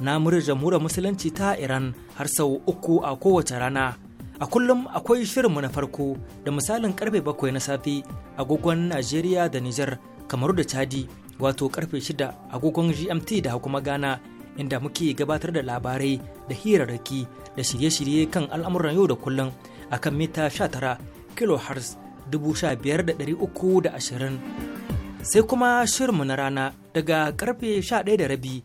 na jamhuriyar musulunci ta Iran har sau uku a kowace rana. A kullum akwai shirinmu na farko da misalin karfe bakwai na safe agogon Najeriya da Nijar kamaru da Chadi wato karfe shida agogon GMT da kuma Ghana inda muke gabatar da labarai da hirarraki da shirye-shirye kan al'amuran yau da kullum a kan mita 19 kilohertz 15,320 sai kuma shirinmu na rana daga karfe 11 da rabi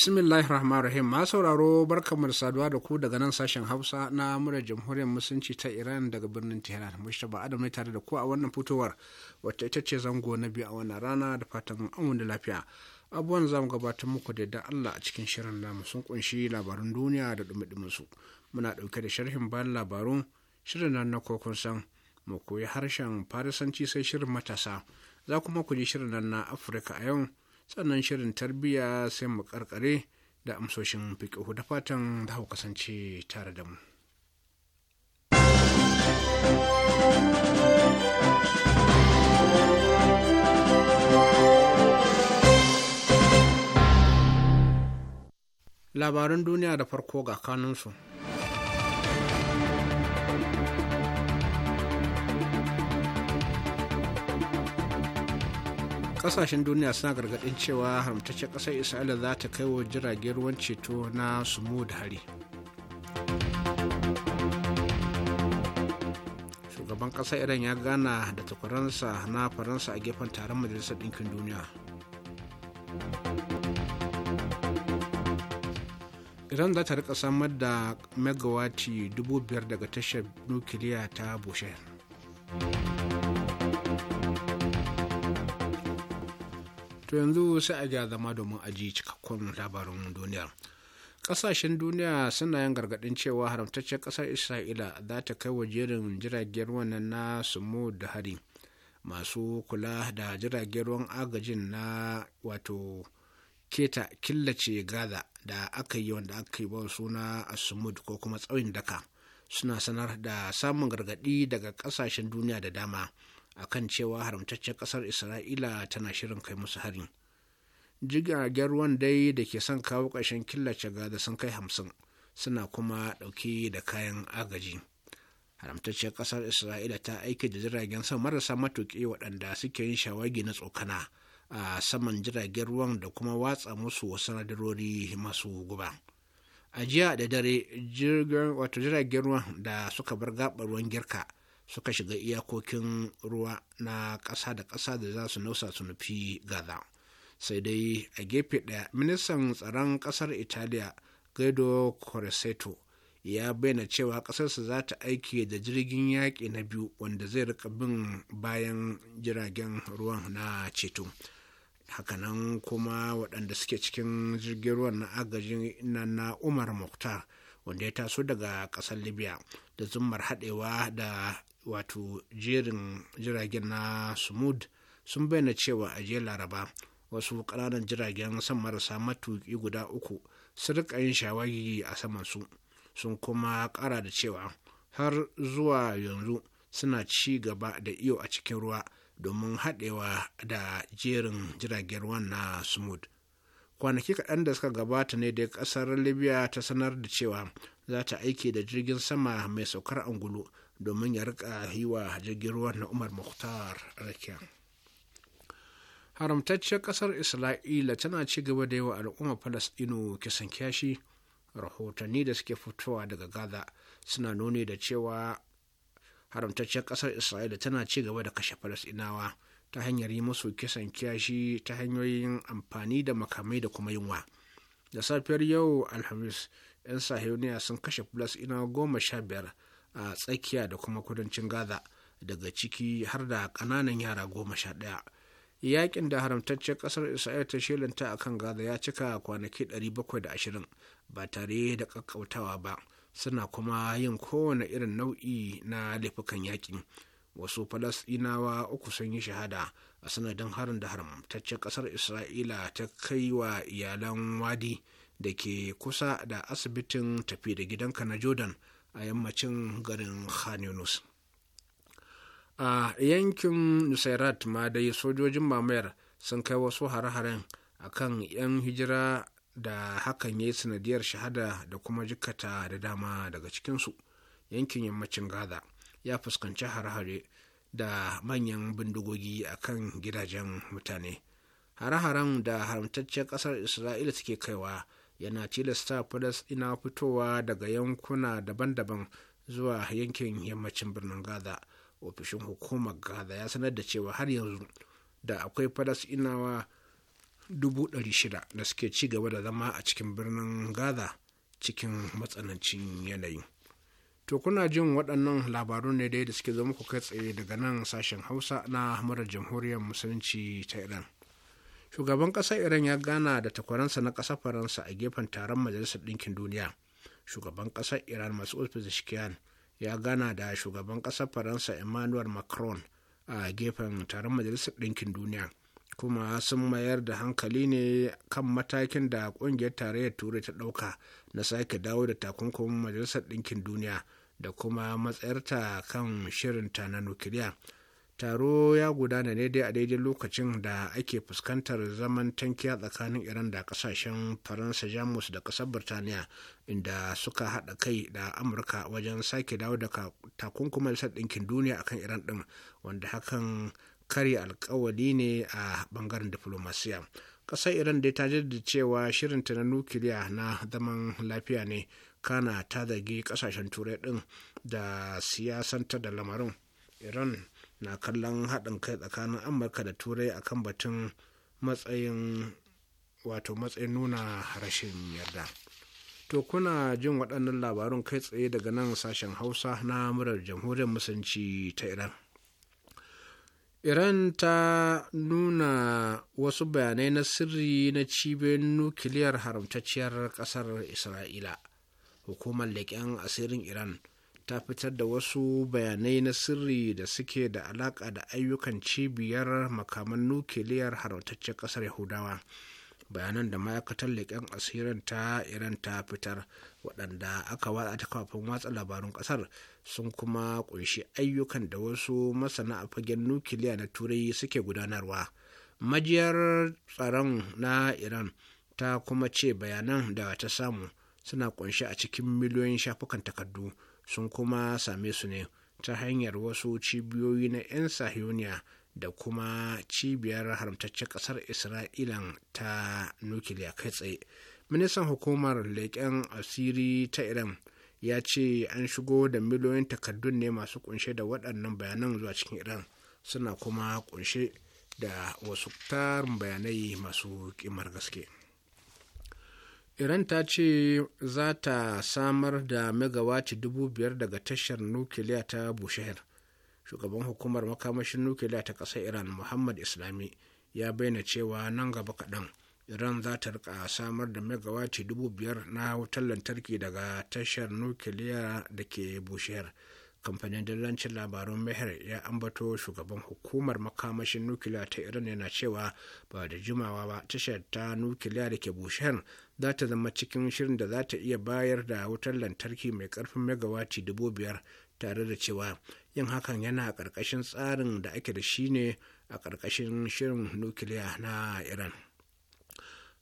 bismillahi rahman rahim ma sauraro barkamu da saduwa da ku daga nan sashen hausa na murar jamhuriyar musulunci ta iran daga birnin tehran mushtaba adam ne tare da ku a wannan fitowar wacce ita ce zango na biyu a wannan rana da fatan amun da lafiya abubuwan zamu gabatar muku da yadda allah a cikin shirin namu sun kunshi labarun duniya da dumi su muna dauke da sharhin bayan labarun shirin nan na kokon san mu koyi harshen farisanci sai shirin matasa za kuma ku ji shirin nan na afirka a yau sannan shirin tarbiyya sai mu karkare da amsoshin fiƙihu da fatan za ku kasance tare da mu. Labaran duniya da farko ga kanunsu. kasashen duniya suna gargadin cewa haramtaccen kasar isra'ila za ta kai wa jiragen ruwan ceto na sumo da hari shugaban kasar iran ya gana da takwaransa na faransa a gefen taron majalisar ɗinkin duniya iran za ta rika samar da megawati 5,000 daga tashar nukiliya ta bushe. to yanzu sai a ja zama domin aji cikakkun labarin duniya. ƙasashen duniya suna yin gargaɗin cewa haramtaccen ƙasar isra'ila za ta kai wa jerin jiragen ruwan na sumo da hari masu kula da jiragen ruwan agajin na wato keta killace gaza da aka yi wanda aka yi wa suna asumud ko kuma tsawon daka suna sanar da samun gargadi daga ƙasashen duniya da dama A kan cewa haramtaccen ƙasar isra'ila tana shirin kai musu harin jiragen ruwan dai da ke son kawo ƙarshen killace gaza sun kai hamsin suna kuma ɗauke da kayan agaji Haramtaccen ƙasar isra'ila ta aiki da jiragen sama marasa matuƙi waɗanda suke yin shawagi na tsokana a saman jiragen ruwan da kuma watsa musu wasu radarori masu guba a jiya da dare jiragen ruwan da suka bar gaɓar ruwan girka suka shiga iyakokin ruwa na ƙasa da ƙasa da za su nausa su nufi gaza sai dai a gefe ɗaya ministan tsaron ƙasar italiya guido corsetto ya bayyana cewa ƙasarsa za ta aiki da jirgin yaƙi na biyu wanda zai rika bin bayan jiragen ruwan na ceto hakanan kuma waɗanda suke cikin jirgin ruwan na agajin na, na umar mukhtar wanda ya taso daga ƙasar libya da zumar haɗewa da wato jerin jiragen na sumud sun bayyana cewa a jiya laraba wasu ƙananan jiragen san marasa matuƙi guda uku sun rika yin shawagi a saman su sun kuma ƙara da cewa har zuwa yanzu suna ci gaba da iyo a cikin ruwa domin haɗewa da jerin jiragen ruwan na smooth kwanaki kaɗan da suka gabata ne da ƙasar libya ta sanar da cewa za ta aiki da jirgin sama mai saukar angulu domin ya rika yi wa jirgin ruwan na umar mukhtar rakiya haramtacciyar kasar isra'ila tana ci gaba da yawa al'ummar falasɗinu kisan kyashi rahotanni da suke fitowa daga gaza suna nuni da cewa haramtacciyar kasar isra'ila tana ci gaba da kashe falasɗinawa ta hanyar yi musu kisan kyashi ta hanyoyin amfani da makamai da kuma yunwa da safiyar yau alhamis 'yan sahiyoniya sun kashe falasɗinawa goma sha biyar a tsakiya da kuma kudancin gaza daga ciki har da kananan yara goma sha ɗaya yakin da haramtaccen ƙasar isra'il ta shelanta a kan gaza ya cika kwanaki bakwai da ashirin ba tare da ƙaƙƙautawa ba suna kuma yin kowane irin nau'i na laifukan yakin wasu falasɗinawa uku sun yi shahada a sanadin harin da haramtaccen ƙasar isra'ila ta kai wa iyalan wadi da ke kusa da asibitin tafi da gidanka na jordan a yammacin garin Khan Yunus. A yankin Nusairat ma dai sojojin mamayar sun kai wasu hare-haren a kan 'yan hijira da hakan ya yi sanadiyar shahada da kuma jikata da dama daga cikinsu. Yankin yammacin Gaza ya fuskanci hare-hare da manyan bindigogi a kan gidajen mutane. Hare-haren da haramtacciyar ƙasar Isra'ila suke kaiwa. yana tilasta ina fitowa daga yankuna daban-daban zuwa yankin yammacin birnin gaza ofishin hukumar gaza ya sanar da cewa har yanzu da akwai falasɗinawa dubu ɗari shida da suke ci gaba da zama a cikin birnin gaza cikin matsanancin yanayi to kuna jin waɗannan labaru ne dai da suke zama ku kai tsaye daga nan sashen hausa na murar jamhuriyar musulunci ta iran shugaban ƙasar iran ya gana da takwaransa na ƙasar faransa a gefen taron majalisar ɗinkin duniya shugaban ƙasar iran masu pezeshkian ya gana da shugaban ƙasar faransa emmanuel macron a gefen taron majalisar ɗinkin duniya kuma sun mayar da hankali ne kan matakin da ƙungiyar tarayyar turai ta ɗauka na sake dawo da takunkumin majalisar ɗinkin duniya da kuma matsayarta kan shirinta na nukiliya taro ya gudana ne dai a daidai lokacin da ake fuskantar zaman tankiya tsakanin iran da kasashen faransa jamus da kasar birtaniya inda suka haɗa kai da amurka wajen sake dawo da takunkumar ɗinkin duniya akan iran ɗin wanda hakan karya alkawali ne a bangaren diflomasiya ƙasar iran dai ta jaddada cewa shirinta na nukiliya na zaman lafiya ne kana ta zagi ƙasashen turai ɗin da siyasanta da lamarin iran na kallon haɗin kai tsakanin amurka da turai a kan batun matsayin wato matsayin nuna rashin yarda to kuna jin waɗannan labarun kai tsaye daga nan sashen hausa na murar jamhuriyar musulunci ta iran iran ta nuna wasu bayanai na sirri na cibiyar nukiliyar haramtacciyar ƙasar isra'ila hukumar leƙen asirin iran ta fitar da wasu bayanai na sirri da suke da alaƙa da ayyukan cibiyar makaman nukiliyar haramtaccen ƙasar yahudawa bayanan da ma'aikatar leƙen asirin ta iran ta fitar waɗanda aka watsa ta kafin watsa labarun ƙasar sun kuma ƙunshi ayyukan da wasu masana a fagen nukiliya na turai suke gudanarwa majiyar tsaron na iran ta kuma ce bayanan da ta samu suna ƙunshi a cikin miliyoyin shafukan takardu sun kuma same su ne ta hanyar wasu cibiyoyi na 'yan sahiyoniya da kuma cibiyar haramtaccen kasar isra'ilan ta nukiliya kai tsaye ministan hukumar leƙen asiri ta iran ya ce an shigo da miliyoyin takardun ne masu kunshe da waɗannan bayanan zuwa cikin iran suna kuma kunshe da wasu tarin bayanai masu ƙimar gaske. iran ta ce za ta samar da megawaci dubu biyar daga tashar nukiliya ta Bushehr. shugaban hukumar makamashin nukiliya ta ƙasar iran muhammad islami ya bayyana cewa nan gaba kaɗan iran za ta rika samar da megawaci dubu biyar na wutar lantarki daga tashar nukiliya da ke Bushehr. kamfanin dillancin labarun Mehar ya ambato shugaban hukumar makamashin nukiliya ta iran yana cewa ba da jimawa ba tashar ta nukiliya da ke bushen za ta zama cikin shirin da za ta iya bayar da wutar lantarki mai karfin megawati dubu biyar tare da cewa yin hakan yana ƙarƙashin tsarin da ake da shi ne a ƙarƙashin shirin nukiliya na iran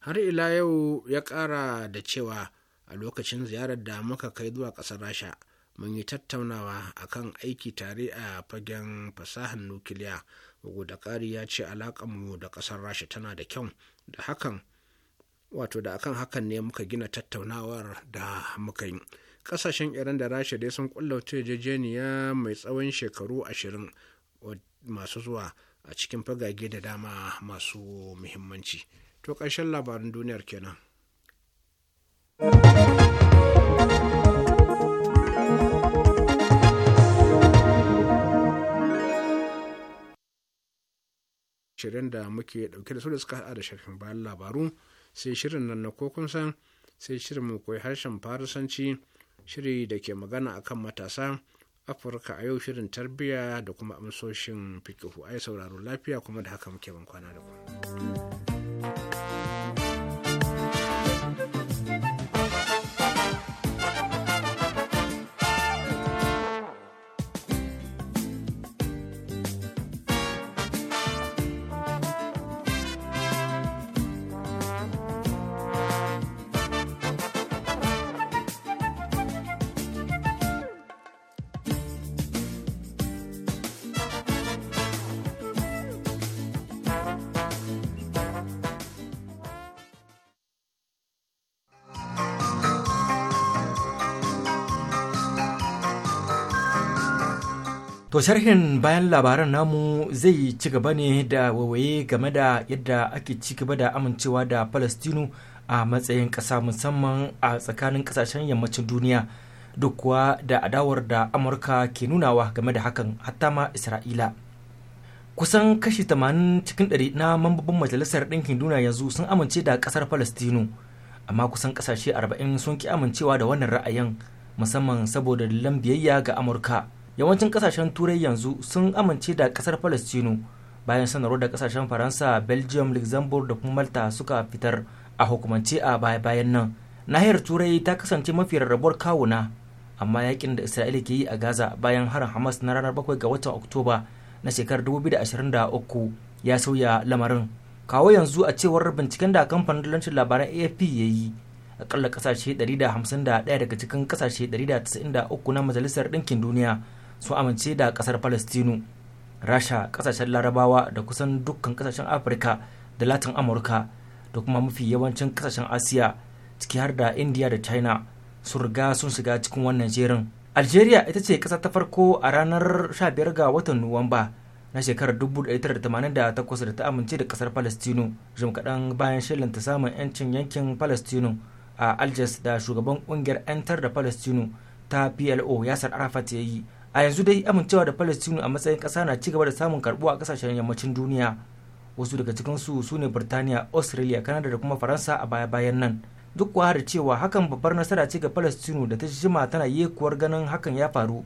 har ila yau ya ƙara da cewa a lokacin ziyarar da muka kai zuwa ƙasar rasha mun yi tattaunawa akan aiki tare a fagen fasahar nukiliya bugu da ƙari ya ce alaƙanmu da ƙasar rasha tana da kyau da hakan wato da akan hakan ne muka gina tattaunawar da muka yi ƙasashen iran da rasha dai sun kulla wata yarjejeniya mai tsawon shekaru ashirin masu zuwa a cikin fagage da dama masu muhimmanci to ƙarshen labarin duniyar kenan. shirin da muke dauke da su da suka hada da shafin bayan labaru sai shirin nan na kokun san sai shirin mu koyi harshen farisanci shiri da ke magana a kan matasa afirka a yau shirin tarbiyya da kuma amsoshin fikihu ai sauraro lafiya kuma da haka muke ban kwana da ku. To sharhin bayan labaran namu zai ci gaba ne da wawaye game da yadda ake ci gaba da amincewa da Falastinu a matsayin ƙasa musamman a tsakanin ƙasashen yammacin duniya duk kuwa da adawar da Amurka ke nunawa game da hakan hatta ma Isra'ila. Kusan kashi 80 cikin ɗari na mambobin Majalisar Ɗinkin Duniya yanzu sun amince da ƙasar Falastinu, amma kusan ƙasashe arba'in sun ki amincewa da wannan ra'ayin musamman saboda biyayya ga Amurka. yawancin kasashen turai yanzu sun amince da kasar palestino bayan sanarwar da kasashen faransa belgium luxembourg da kuma malta suka fitar a hukumance a baya-bayan nan nahiyar turai ta kasance mafi rarrabuwar kawuna amma yakin da isra'ila ke yi a gaza bayan harin hamas na ranar 7 ga watan oktoba na shekarar 2023 ya sauya lamarin kawo yanzu a cewar binciken da kamfanin dalancin labaran afp ya yi akalla kasashe 151 daga cikin kasashe 193 na majalisar ɗinkin duniya sun amince da kasar palestinu rasha kasashen larabawa da kusan dukkan kasashen afirka da latin amurka da kuma mafi yawancin kasashen asiya ciki har da india da china sun riga sun shiga cikin wannan jerin algeria ita ce kasa ta farko a ranar 15 ga watan nuwamba na shekarar 1988 da ta amince da kasar palestinu jim kaɗan bayan ta samun 'yancin yankin palestinu a algiers da shugaban ƙungiyar 'yantar da palestinu ta plo yasar arafat ya yi a yanzu dai amincewa da palestinu a matsayin ƙasa na cigaba da samun karbuwa a ƙasashen yammacin duniya wasu daga cikin su ne birtaniya australia canada da kuma faransa a baya-bayan nan duk kuwa da cewa hakan babbar nasara ce ga palestinu da ta jima tana yekuwar ganin hakan ya faru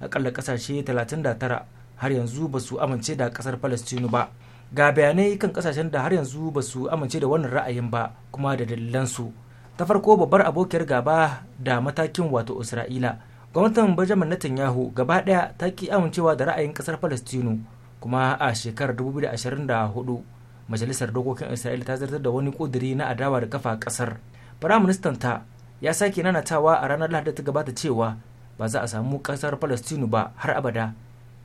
akalla ƙasashe 39 har yanzu ba su amince da kasar palestinu ba ga bayanai kan kasashen da har yanzu ba su amince da wannan ra'ayin ba kuma da dalilan su ta farko babbar abokiyar gaba da matakin wato isra'ila gwamnatin benjamin netanyahu gaba daya ta ki amincewa da ra'ayin kasar palestino kuma a shekarar 2024 majalisar dokokin isra'ila ta zartar da wani kuduri na adawa da kafa kasar firaministan ta ya sake nanatawa a ranar lahadi ta gabata cewa ba za a samu kasar palestino ba har abada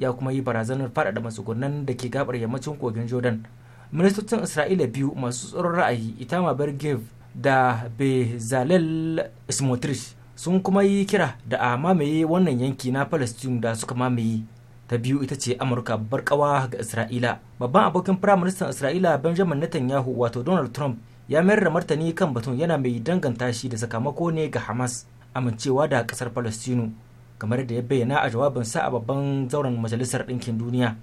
ya kuma yi barazanar faɗaɗa matsugunan da ke gabar yammacin kogin jordan ministocin isra'ila biyu masu tsoron ra'ayi itama bergev da bezalel smotrich sun kuma yi kira da a mamaye wannan yanki na palestine da suka mamaye ta biyu ita ce amurka babbar kawa ga isra'ila babban abokin firaministan isra'ila benjamin netanyahu wato donald trump ya mayar da martani kan batun yana mai danganta shi da sakamako ne ga hamas amincewa da kasar palestinu kamar da ya bayyana a jawabin sa a babban zauren majalisar ɗinkin duniya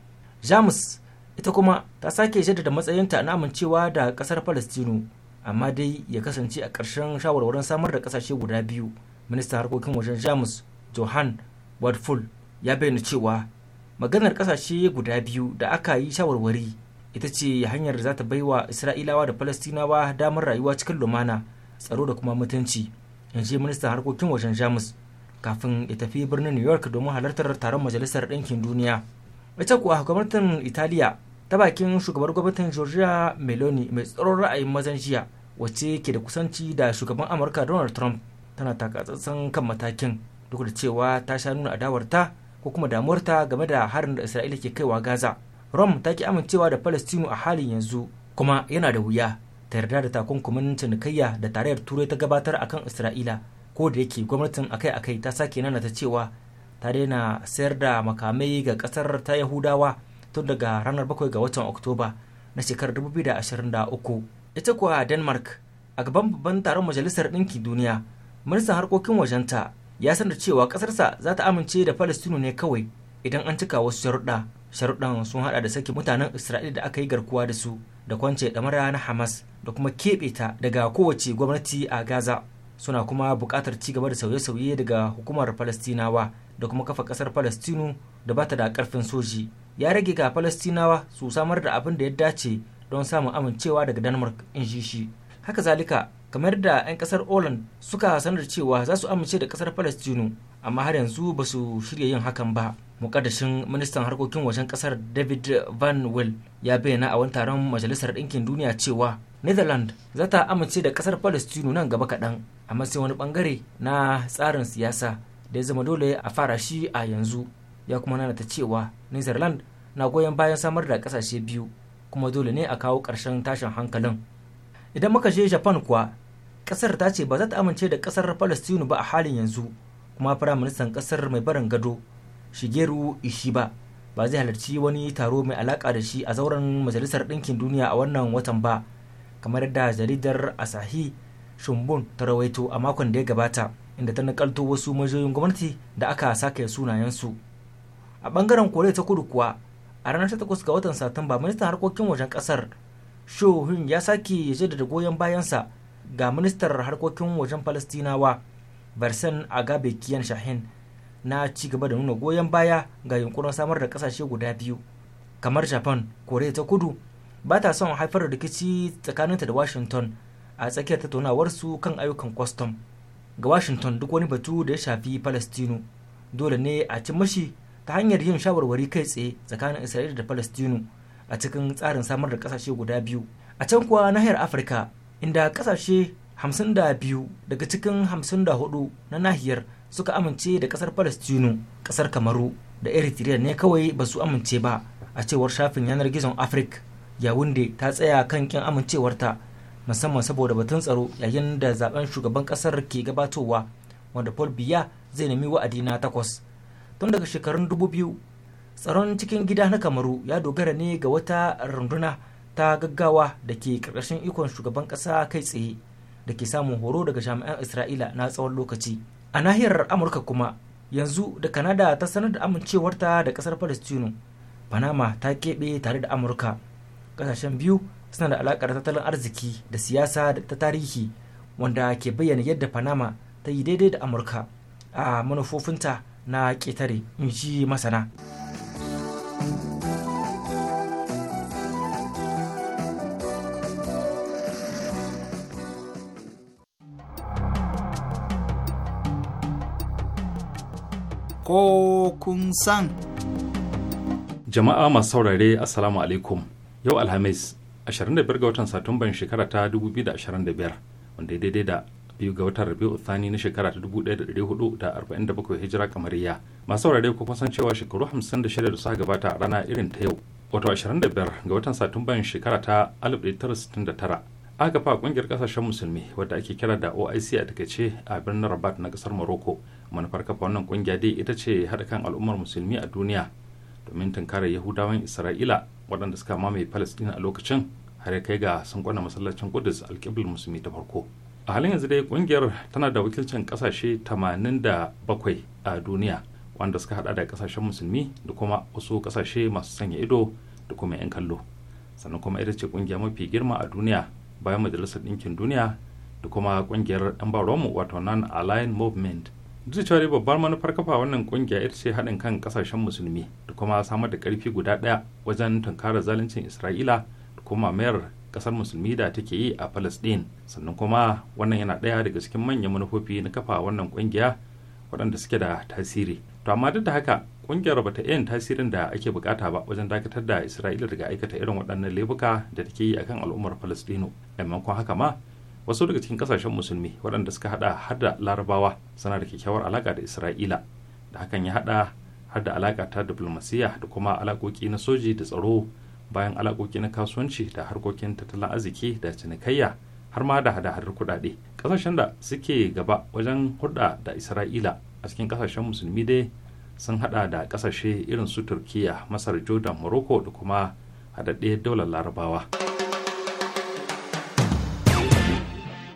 jamus ita kuma ta sake jaddada matsayinta na amincewa da kasar palestinu amma dai ya kasance a ƙarshen shawarwarin samar da ƙasashe guda biyu ministan harkokin wajen jamus johan wadful ya bayyana cewa maganar kasashe guda biyu da aka yi shawarwari ita ce hanyar da za ta baiwa isra'ilawa da falastinawa damar rayuwa cikin lumana tsaro da kuma mutunci in ji ministan harkokin wajen jamus kafin ya tafi birnin new york domin halartar taron majalisar ɗinkin duniya ita kuwa gwamnatin italiya ta bakin shugabar gwamnatin georgia meloni mai tsaron ra'ayin mazan jiya wacce ke da kusanci da shugaban amurka donald trump tana takatsantsan kan matakin duk da cewa ta sha nuna adawarta ko kuma damuwarta game da harin da isra'ila ke kaiwa gaza rom ta ki amincewa da Falastinu a halin yanzu kuma yana da wuya ta yarda da takunkumin cinikayya da tarayyar turai ta gabatar akan isra'ila ko da yake gwamnatin akai-akai ta sake nana ta cewa ta daina sayar da makamai ga kasar ta yahudawa tun daga ranar 7 ga watan oktoba na shekarar 2023 ita kuwa denmark a gaban babban taron majalisar ɗinkin duniya ministan harkokin wajenta ya sanar cewa ƙasarsa za ta amince da falastinu ne kawai idan an cika wasu sharuɗa sharuɗan sun haɗa da saki mutanen isra'ila da aka yi garkuwa da su da kwance ɗamara na hamas da kuma keɓe ta daga kowace gwamnati a gaza suna kuma buƙatar ci gaba da sauye-sauye daga hukumar falastinawa da kuma kafa ƙasar falastinu da ba ta da ƙarfin soji ya rage ga falastinawa su samar da abin da ya dace don samun amincewa daga denmark in shi haka zalika kamar da 'yan kasar Oland suka sanar cewa za su amince da kasar Palestinu amma har yanzu ba su shirya yin hakan ba. Mukaddashin ministan harkokin wajen kasar David Van Will ya bayyana a wani taron majalisar ɗinkin duniya cewa Netherlands za ta amince da kasar Palestinu nan gaba kaɗan amma sai wani bangare na tsarin siyasa da ya zama dole a fara shi a yanzu ya kuma nanata cewa Netherlands na goyon bayan samar da kasashe biyu kuma dole ne a kawo ƙarshen tashin hankalin. Idan muka je Japan kuwa kasar ta ce ba za ta amince da kasar palestinu ba a halin yanzu kuma firaministan kasar mai barin gado shigeru ishi ba Ba zai halarci wani taro mai alaka da shi a zauren majalisar ɗinkin duniya a wannan watan ba kamar yadda jaridar asahi shumbun ta rawaito a makon da ya gabata inda ta nakalto wasu majiyoyin gwamnati da aka sake sunayensu a bangaren koriya ta kudu kuwa a ranar takwas ga watan satumba ministan harkokin wajen kasar shohun ya sake jaddada goyon bayansa ga ministar harkokin wajen falastinawa barsan agabe kiyan shahin na ci gaba da nuna goyon baya ga yunkurin samar da kasashe guda biyu kamar japan korea ta kudu ba ta son haifar da rikici tsakaninta da washington a tsakiyar tattaunawarsu kan ayyukan kwastam ga washington duk wani batu da ya shafi palestino dole ne a ci mashi ta hanyar yin shawarwari kai tsaye tsakanin isra'ila da palestino a cikin tsarin samar da kasashe guda biyu a can kuwa nahiyar afirka inda kasashe 52 daga cikin 54 na nahiyar suka amince da kasar palestino kasar kamaru da eritrea ne kawai ba su amince ba a cewar shafin yanar gizon afrik yawunde ta tsaya kan kin amincewarta musamman saboda batun tsaro yayin da zaben shugaban kasar ke gabatowa wanda paul biya zai nemi wa'adi na takwas tun daga shekarun 2000 tsaron cikin gida na kamaru ya dogara ne ga wata runduna ta gaggawa da ke ƙarƙashin ikon shugaban ƙasa kai tsaye da ke samun horo daga jami'an isra'ila na tsawon lokaci a nahiyar amurka kuma yanzu da kanada ta sanar da amincewarta da ƙasar palestino panama ta keɓe tare da amurka ƙasashen biyu suna da alaƙar tattalin arziki da siyasa da ta tarihi wanda ke bayyana yadda panama ta yi daidai da amurka a manufofinta na ƙetare in ji masana. ko kun san. Jama'a masu saurare Assalamu alaikum yau Alhamis 25 ga watan Satumban shekara ta 2025 wanda daidai da biyu ga watan Rabiu Thani na shekara ta 1447 hijira kamariya. Masu saurare kuma kusan cewa shekaru 56 da suka gabata a rana irin ta yau wato 25 ga watan Satumban shekara ta 1969 aka fa kungiyar kasashen musulmi wadda ake kira da oic a takaice a birnin rabat na kasar morocco manufar kafa wannan kungiya dai ita ce haɗa kan al'ummar musulmi a duniya domin tunkarar yahudawan isra'ila waɗanda suka mamaye palestina a lokacin har ya kai ga sun kwana masallacin kudus alƙiblar musulmi ta farko a halin yanzu dai kungiyar tana da wakilcin ƙasashe 87 a duniya wanda suka hada da kasashen musulmi da kuma wasu ƙasashe masu sanya ido da kuma 'yan kallo sannan kuma ita ce kungiya mafi girma a duniya bayan majalisar ɗinkin duniya da kuma kungiyar 'yan baromu wato non-aligned movement duk cewa dai babbar manufar kafa wannan kungiya ita ce haɗin kan ƙasashen musulmi da kuma samar da ƙarfi guda ɗaya wajen tunkarar zaluncin isra'ila da kuma mayar ƙasar musulmi da take yi a palestine sannan kuma wannan yana ɗaya daga cikin manyan manufofi na kafa wannan kungiya waɗanda suke da tasiri to amma duk da haka kungiyar bata yin tasirin da ake bukata ba wajen dakatar da isra'ila daga aikata irin waɗannan laifuka da take yi akan al'ummar palestino maimakon haka ma wasu daga cikin kasashen musulmi waɗanda suka hada har da larabawa suna da kyakkyawar alaka da isra'ila da hakan ya hada har da alaka ta diplomasiya da kuma alakoki na soji da tsaro bayan alakoki na kasuwanci da harkokin tattalin arziki da cinikayya har ma da hada-hadar kuɗaɗe kasashen da suke gaba wajen hulɗa da isra'ila a cikin kasashen musulmi dai sun hada da kasashe irin su turkiya masar jordan morocco da kuma haɗaɗɗe daular larabawa.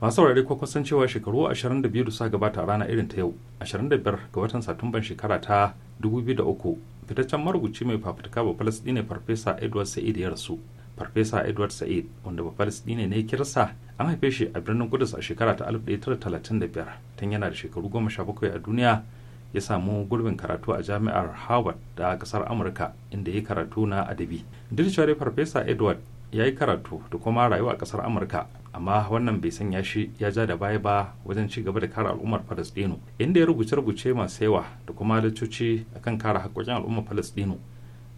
masu saurare ko kusan cewa shekaru 22 da suka gabata a rana irin ta yau 25 ga watan satumban shekara ta 2003 fitaccen marubuci mai fafutuka ba ne farfesa edward sa'id ya rasu farfesa edward sa'id wanda ba falasdi ne kirsa an haife shi a birnin gudus a shekara ta 1935 tun yana da shekaru 17 a duniya ya samu gurbin karatu a jami'ar harvard da kasar amurka inda ya karatu na adabi da farfesa edward ya yi karatu da kuma rayuwa a kasar amurka amma wannan bai sanya shi ya ja da baya ba wajen ci gaba da kare al'ummar falastinu inda ya rubuce rubuce masu yawa da kuma laccoci akan kare haƙƙoƙin al'ummar falastinu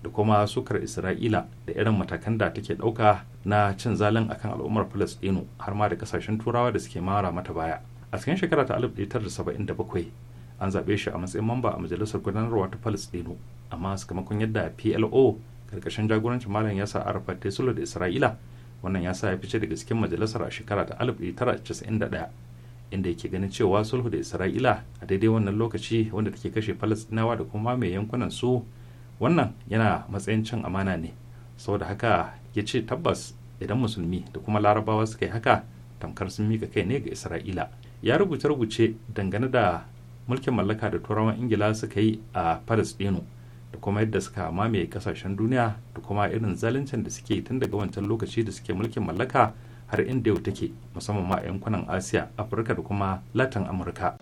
da kuma sukar isra'ila da irin matakan da take ɗauka na cin zalin akan al'ummar falastinu har ma da kasashen turawa da suke mara mata baya a cikin shekara ta 1977 an zaɓe shi a matsayin mamba a majalisar gudanarwa ta falastinu amma sakamakon yadda plo karkashin jagorancin malam yasa arafat ta sulhu da isra'ila wannan ya sa ya fice daga cikin majalisar a shekara ta 1991 inda yake ganin cewa sulhu da isra'ila a daidai wannan lokaci wanda take kashe falastinawa da kuma mai yankunan su wannan yana matsayin cin amana ne saboda haka ya ce tabbas idan musulmi da kuma larabawa suka yi haka tamkar sun mika kai ne ga isra'ila ya rubuce rubuce dangane da mulkin mallaka da turawan ingila suka yi a falastinu kuma yadda suka mamaye kasashen duniya da kuma irin zaluncin da suke tun daga wancan lokaci da suke mulkin mallaka har inda yau take musamman ma yankunan asiya afirka da kuma latin amurka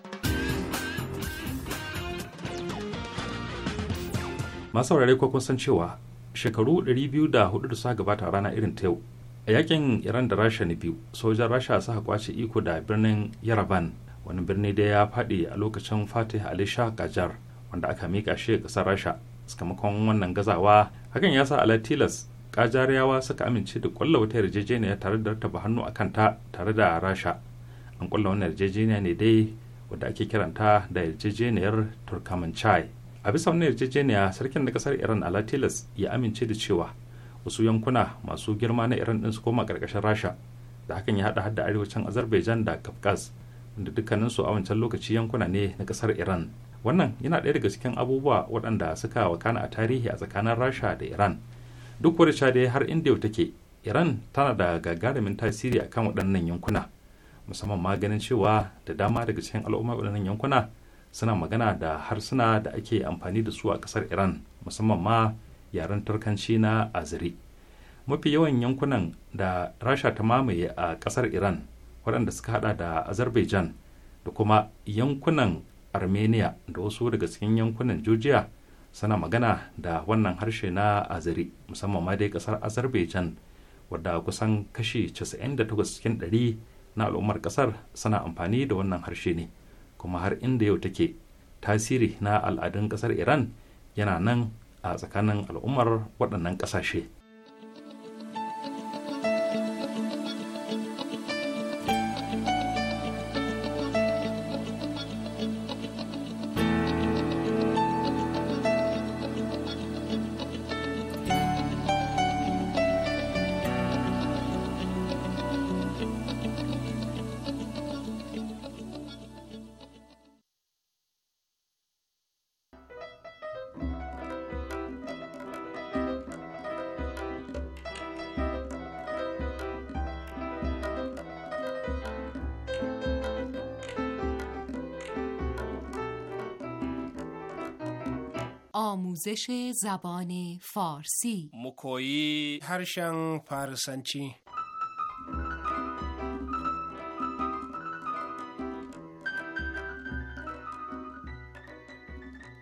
masu saurare ko kun san cewa shekaru 204 da suka gabata rana irin ta yau a yakin iran da rasha na biyu sojan rasha suka kwace iko da birnin yaraban wani birni da ya faɗi a lokacin fatih ali shah gajar wanda aka mika shi ga ƙasar rasha sakamakon wannan gazawa hakan ya sa alatilas kajariyawa suka amince da kwallo wata yarjejeniya tare da rataba hannu a kanta tare da rasha an kwallo wannan yarjejeniya ne dai wadda ake kiranta da yarjejeniyar turkamanchai a bisa wannan yarjejeniya sarkin na kasar iran alatilas ya amince da cewa wasu yankuna masu girma na iran din su koma karkashin rasha da hakan ya hada da arewacin azerbaijan da kafkas wanda dukkaninsu a wancan lokaci yankuna ne na kasar iran wannan yana ɗaya daga cikin abubuwa waɗanda suka wakana a tarihi a tsakanin rasha da iran duk wani sha dai har inda take iran tana da gagarumin tasiri a kan waɗannan yankuna musamman ma ganin cewa da dama daga cikin al'ummar waɗannan yankuna suna magana da harsuna da ake amfani da su a ƙasar iran musamman ma yaren turkanci na azuri mafi yawan yankunan da rasha ta mamaye a ƙasar iran waɗanda suka haɗa da azerbaijan da kuma yankunan armenia da wasu daga cikin yankunan georgia suna magana da wannan harshe na azeri musamman ma dai kasar azerbaijan wadda kusan kashi 98 cikin 100 na al'ummar kasar suna amfani da wannan harshe ne kuma har inda yau take tasiri na al'adun kasar iran yana nan a tsakanin al'ummar waɗannan ƙasashe. آموزش زبان فارسی مکویی هرشن فارسنچی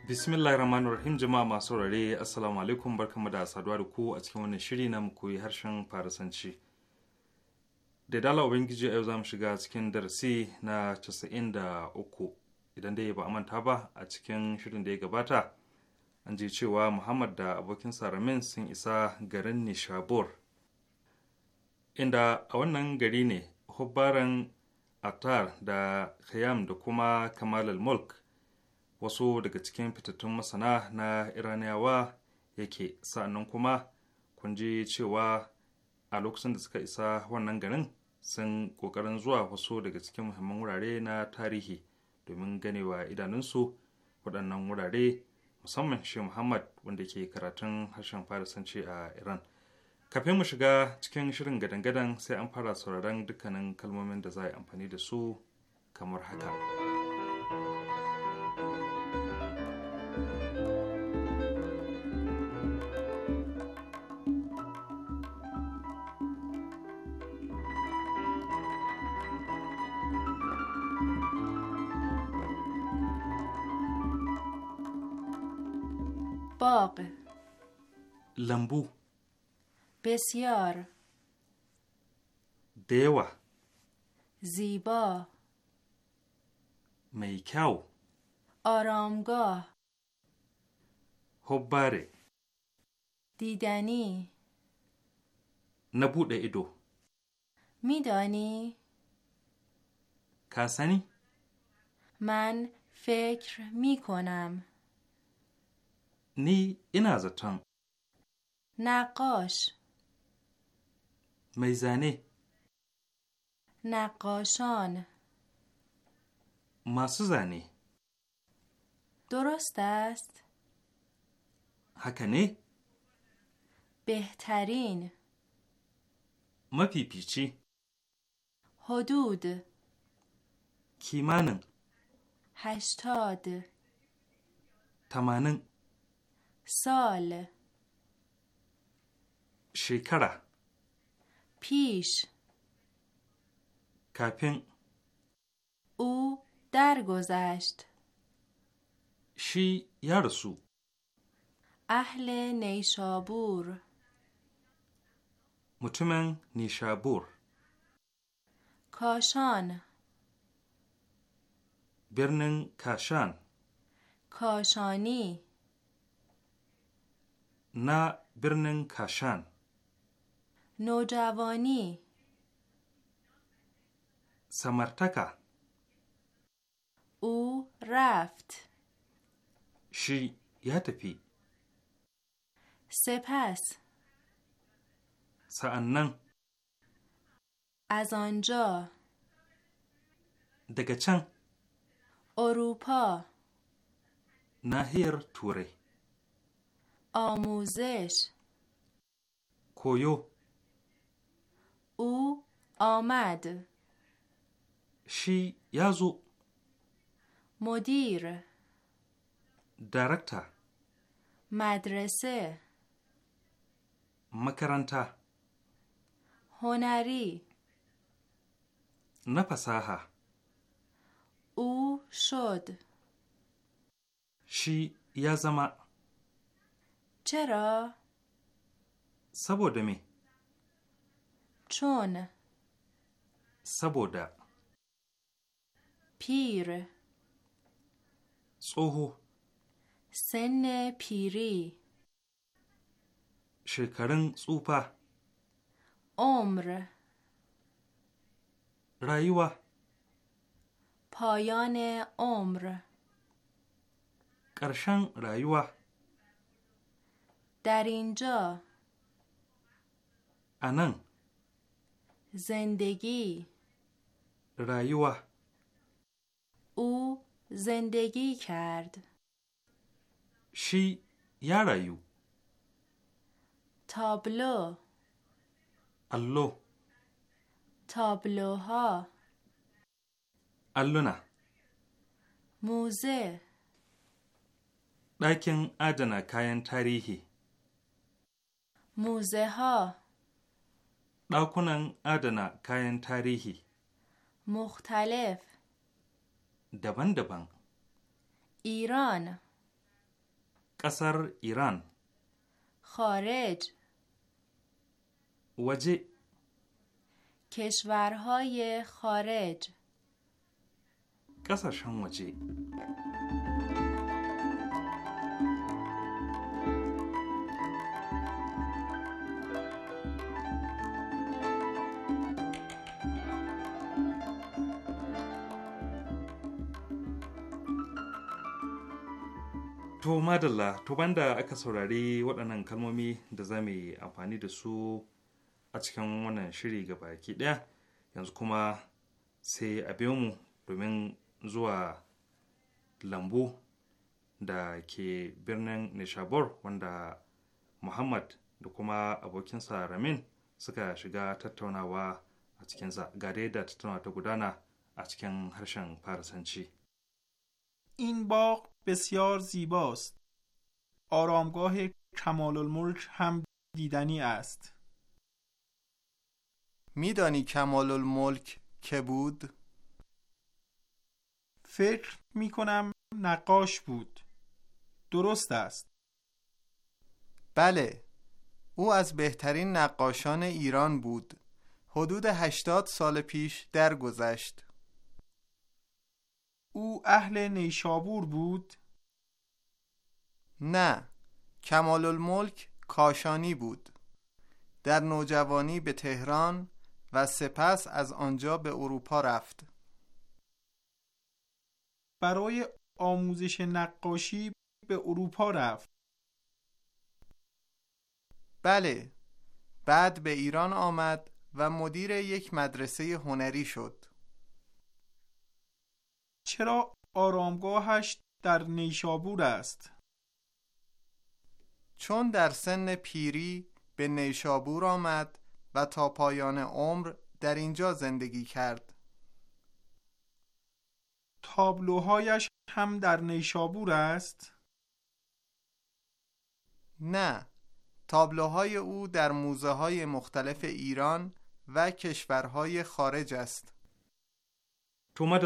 bismillah rahman rahim jama'a masu rare assalamu alaikum barkamu da saduwa da ku a cikin wannan shiri na mu koyi harshen farisanci da dala ubangiji a yau za mu shiga cikin darasi na casa'in da 93 idan dai ba a manta ba a cikin shirin da ya gabata an ji cewa muhammad da abokin saramin sun isa garin nishabur inda a wannan gari ne hubbaran atar da khayyam da kuma kamal mulk wasu daga cikin fitattun masana na iraniyawa yake sa'annan kuma kun ji cewa a lokacin da suka isa wannan garin sun kokarin zuwa wasu daga cikin muhimman wurare na tarihi domin ganewa idanunsu waɗannan wurare musamman shi muhammad wanda ke karatun harshen farisanci a iran kafin mu shiga cikin shirin gadan-gadan sai an fara sauraron dukkanin kalmomin da za a yi amfani da su kamar haka. لمبو بسیار دیو، زیبا میکاو آرامگاه هباره دیدنی نبود ایدو میدانی کسانی من فکر میکنم نی این از تان نقاش میزنه نقاشان ماسو درست است هکنه بهترین ما پیچی حدود کیمانن هشتاد تمانن سال شکره پیش کپین او درگذشت شی یارسو اهل نیشابور مطمئن نیشابور کاشان برنن کاشان کاشانی نه برنن کاشان نوجوانی سمرتکا او رفت شی سپس ساننگ از آنجا دگه اروپا نهیر توره آموزش کویو او آمد شی یازو مدیر درکتر. مدرسه مکرانتا هنری نپساها او شد شی یازما چرا سبودمی چون سبودا پیر صوهو سن پیری شکرن صوپا عمر رایوه پایان عمر کرشن رایوه در اینجا انن زندگی رایوا او زندگی کرد شی یا رایو تابلو اللو تابلوها اللونا موزه ɗakin adana kayan tarihi. Muzeha داکنن ادنا کاین تاریخی مختلف دبن ایران قصر ایران خارج وجه کشورهای خارج قصر شن وجه To madalla, to banda aka saurari waɗannan kalmomi da za mu yi amfani da su a cikin wannan shiri ga baki ɗaya yanzu kuma sai a biyo mu domin zuwa lambu da ke birnin Nishabor wanda Muhammad da kuma abokinsa Ramin suka shiga tattaunawa a cikinsa gare da tattaunawa ta gudana a cikin harshen Farisanci. In بسیار زیباست. آرامگاه کمال الملک هم دیدنی است. میدانی کمال الملک که بود؟ فکر می کنم نقاش بود. درست است. بله. او از بهترین نقاشان ایران بود. حدود هشتاد سال پیش درگذشت. او اهل نیشابور بود؟ نه کمال الملک کاشانی بود در نوجوانی به تهران و سپس از آنجا به اروپا رفت برای آموزش نقاشی به اروپا رفت بله بعد به ایران آمد و مدیر یک مدرسه هنری شد چرا آرامگاهش در نیشابور است؟ چون در سن پیری به نیشابور آمد و تا پایان عمر در اینجا زندگی کرد تابلوهایش هم در نیشابور است؟ نه تابلوهای او در موزه های مختلف ایران و کشورهای خارج است تو مد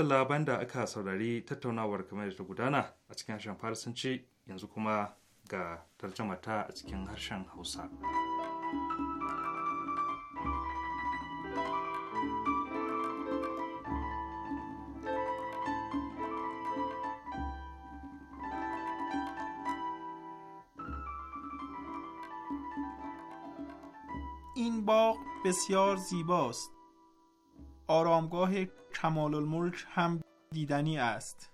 در aka saurari tattaunawar kamar da ta گودانا a cikin پرسن چی؟ یعنی ga از a cikin harshen hausa این باغ بسیار زیباست آرامگاه کمال الملک هم دیدنی است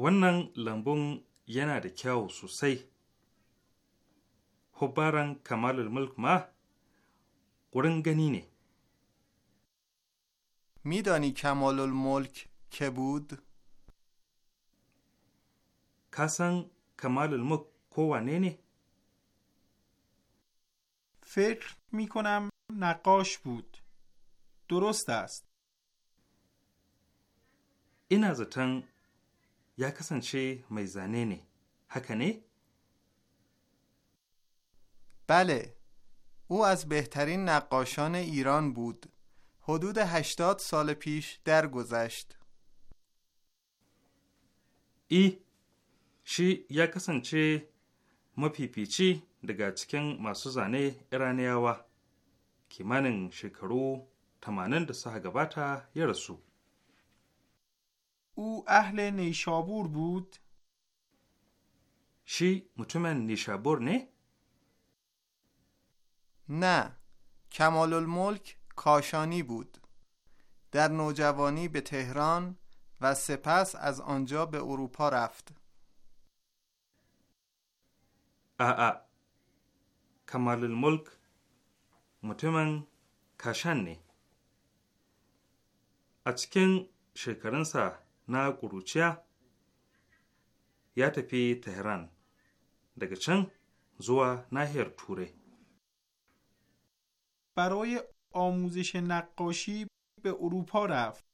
wannan lambun yana da kyau sosai hubbaran kamalul mulk ma wurin gani ne میدانی کمال الملک که بود؟ کسان کمال الملک کوانه نه؟ فکر می کنم نقاش بود درست است این از تن یا کسنچه می زنه نه حکنه؟ بله او از بهترین نقاشان ایران بود حدود 80 سال پیش درگذشت ای شی یا کسنچه mafifici daga cikin masu zane iraniyawa kimanin shekaru 80 da suka gabata ya rasu او اهل نیشابور بود؟ شی مطمئن نیشابور نه؟ نه کمال الملک کاشانی بود در نوجوانی به تهران و سپس از آنجا به اروپا رفت آآ کمال الملک مطمئن کاشان نه اچکن شکرن na ƙuruciya ya تهران Tehran daga can zuwa nahiyar برای آموزش نقاشی به اروپا رفت.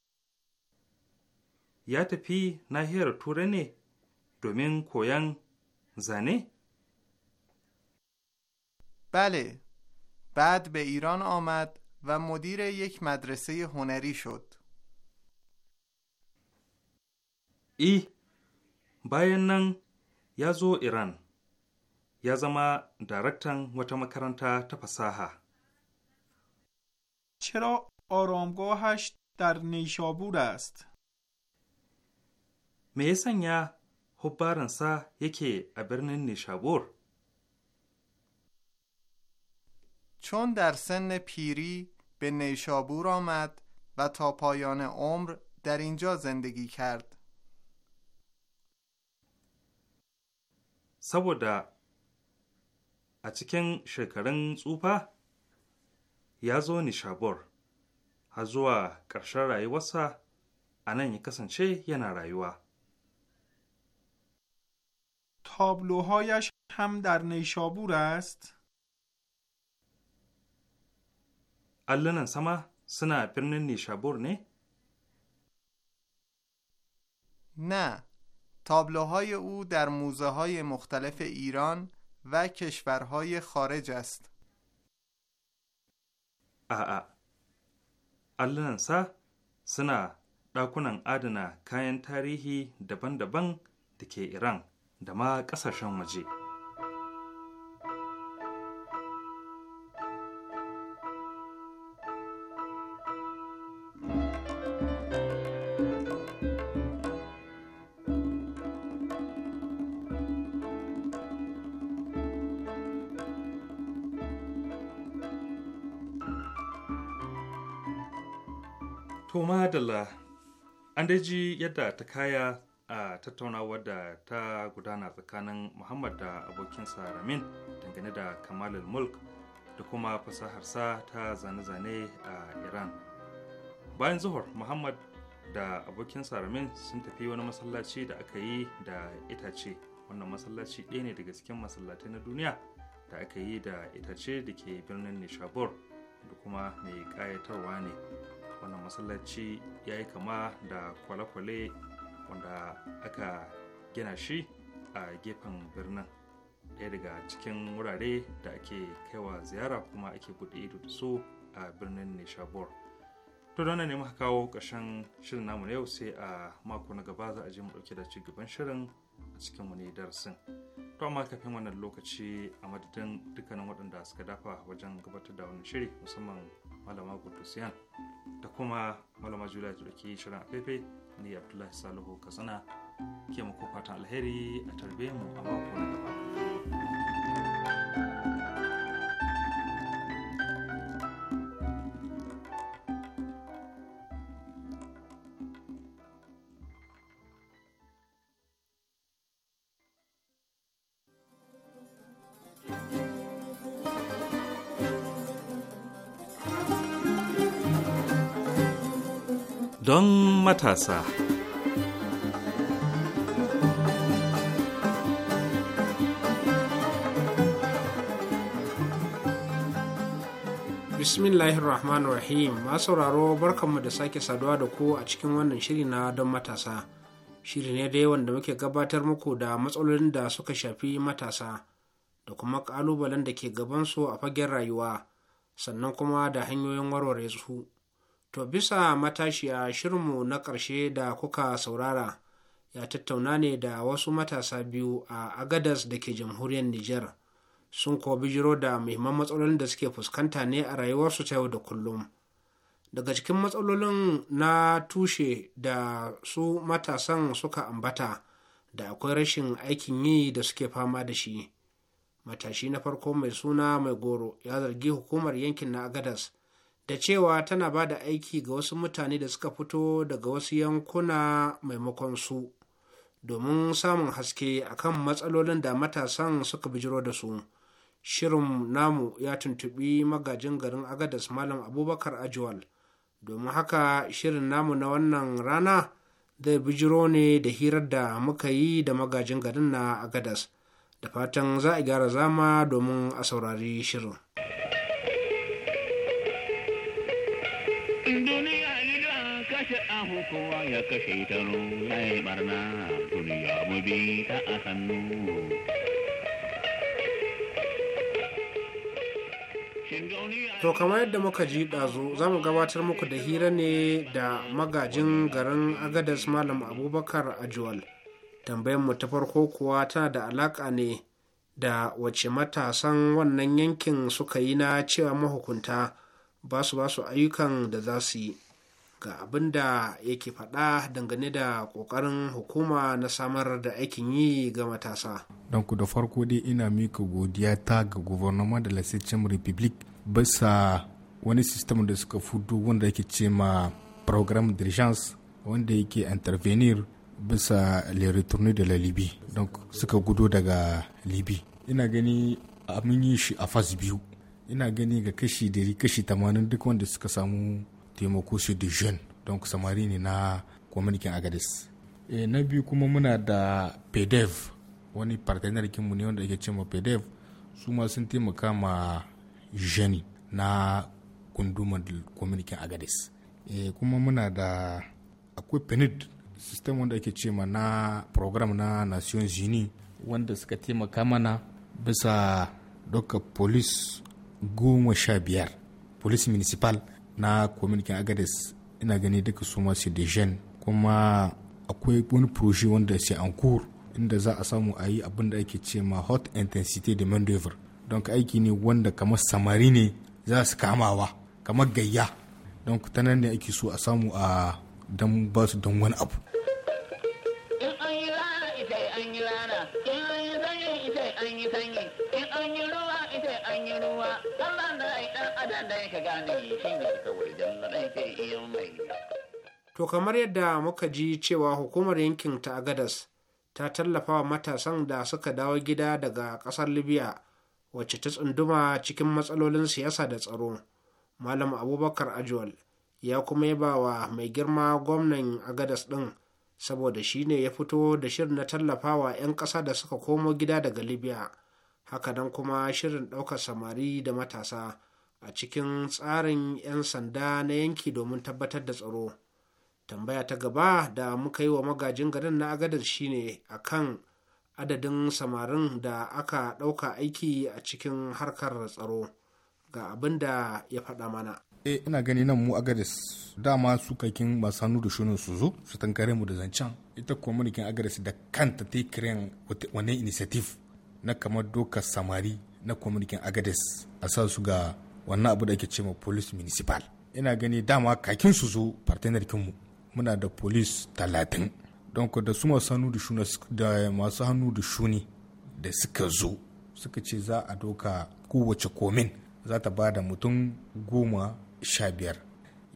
یا تفی نهر توره نه دومین کویان زنه؟ بله. بعد به ایران آمد و مدیر یک مدرسه هنری شد. ای e, bayan nan ya zo Iran, ya zama daraktan wata makaranta ta چرا آرامگاهش در نیشابور است؟ me ya sanya hubbaransa یکی a چون در سن پیری به نیشابور آمد و تا پایان عمر در اینجا زندگی کرد. saboda a cikin shekarun tsufa ya zo nishabur har zuwa ƙarshen rayuwarsa a nan ya kasance yana rayuwa. تابلوهایش Allunan sama suna است؟ اللنن سما تابلوهای او در موزه های مختلف ایران و کشورهای خارج است. آآ آلا نسا سنا را کنن آدنا کائن تاریحی دبن دبن دکی ایران دما کسر شمجید. An dai ji yadda ta kaya a tattaunawar da ta gudana tsakanin Muhammad da abokinsa Ramin dangane da Kamalul Mulk da kuma fasaharsa ta zane-zane a Iran. Bayan zuhur Muhammad da abokinsa Ramin sun tafi wani masallaci da aka yi da itace. Wannan masallaci ɗaya ne daga cikin masallatai na duniya da aka yi da itace da ke birnin Nishabur da kuma mai ƙayatarwa ne. wannan masallaci ya yi kama da kwale-kwale wanda aka gina shi a gefen birnin ɗaya daga cikin wurare da ake kaiwa ziyara kuma ake buɗe ido da su a birnin nishabor to da ne muka kawo ƙarshen shirin namu na yau sai a mako na gaba za a je mu ɗauke da cigaban shirin a cikin wani darasin to amma kafin wannan lokaci a madadin dukkanin waɗanda suka dafa wajen gabatar da wani shiri musamman malama kudusiyan da kuma malama julia da ke shirin afefe ni abdullahi salihu katsina ke muku fatan alheri a tarbe mu a mako na gaba matasa. Bismillahir Rahmanir Rahim, masauraro barkanmu da sake saduwa da ku a cikin wannan shiri na don matasa. Shiri ne dai wanda muke gabatar muku da matsalolin da suka shafi matasa da kuma ƙalubalen da ke gabansu a fagen rayuwa, sannan kuma da hanyoyin warware su. To bisa matashiya shirinmu na ƙarshe da kuka saurara ya tattauna ne da wasu matasa biyu a Agadas da ke jamhuriyar Nijar. Sun ko bijiro da muhimman matsalolin da suke fuskanta ne a rayuwarsu ta yau da kullum. Daga cikin matsalolin na tushe da su matasan suka ambata da akwai rashin aikin yi da suke fama da shi. Matashi na farko mai suna mai goro ya zargi hukumar yankin na Agadas. da cewa tana ba da aiki ga wasu mutane da suka fito daga wasu yankuna maimakon su domin samun haske akan matsalolin da matasan suka bijiro da su shirin namu ya tuntubi magajin garin agadas malam abubakar ajiwal domin haka shirin namu na wannan rana zai bijiro ne da hirar da muka yi da magajin garin na agadas da fatan za a gyara zama domin a saurari shirin kowa ya kashe ta ya yi barna duniya mu bi ta a hannu To kamar yadda muka ji ɗazu za mu gabatar muku da hira ne da magajin garin Agadas Malam Abubakar Ajuwal. mu ta farko kuwa tana da alaƙa ne da wace matasan wannan yankin suka yi na cewa mahukunta basu-basu ayyukan da za su yi. ga abin da yake faɗa dangane da ƙoƙarin hukuma na samar da aikin yi ga matasa. don ku da farko dai ina mika godiya ta ga gwamnati da lasicin republic bisa wani sistem da suka fudu wanda yake ce ma program d'urgence wanda yake intervenir bisa le retourne de la libye don suka gudo daga libye ina gani amin yi shi a fas biyu ina gani ga kashi dari kashi tamanin duk wanda suka samu taimako su de jeune don samari ne na communiquer agadis e, eh, na biyu kuma muna da pdev wani partner kinmu ne wanda ake cewa pdev su ma sun taimaka ma jeune na gundumar communiquer agadis e, kuma muna da akwai penid system wanda ake cewa na program na nations unis wanda suka taimaka mana bisa doka police goma sha biyar police municipal na kwamitin agadis ina gani duka su masu dijen kuma akwai wani proje wanda sai an inda za a samu a yi abin da ake ce ma hot intensity de mandover don ka aiki ne wanda kamar samari ne za su kamawa kamar gayya don ta nan ne ake so a samu a dan ba su don wani abu ruwa to kamar yadda muka ji cewa hukumar yankin ta agadas ta tallafa wa matasan da suka dawo gida daga kasar libya wacce ta tsunduma cikin matsalolin siyasa da tsaro malam abubakar ajwal ya kuma yaba wa mai girma gwamnan agadas ɗin saboda shi ne ya fito da shirin na tallafa wa 'yan ƙasa da suka komo gida daga libya hakanan kuma shirin ɗaukar samari da matasa a cikin tsarin 'yan sanda na yanki domin tabbatar da tsaro tambaya ta gaba da muka yi wa magajin garin na agadar shine akan adadin samarin da aka ɗauka aiki a cikin harkar tsaro ga abin da ya faɗa mana e ina gani nan mu agadis dama su kakin masu hannu da shunin su zo su tankare mu da zancen ita kuma mulkin Agadis da kanta ta kiran wani initiative na kamar dokar samari na kwamitin agadis a sa su ga wannan abu da ake ce ma police municipal ina gani dama kakin su zo partner mu muna da police talatin don da su masu hannu da shuni da masu hannu da shuni da suka zo suka ce za a doka kowace komin za ta ba da mutum goma sha biyar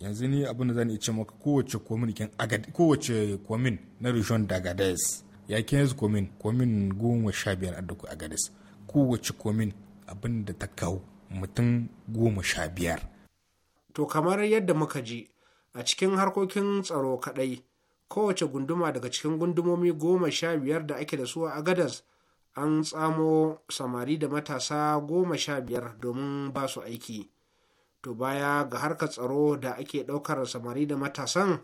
yanzu ni abin da zan ce maka kowace komin kowace komin na region dagades ya yanzu komin komin goma sha biyar a duk agades kowace komin abin da ta kawo mutum goma sha biyar. To kamar yadda muka ji a cikin harkokin tsaro kaɗai kowace gunduma daga cikin gundumomi goma sha biyar da ake da su a gadas an tsamo samari da matasa goma sha biyar domin ba su aiki. To baya ga harkar tsaro da ake ɗaukar samari da matasan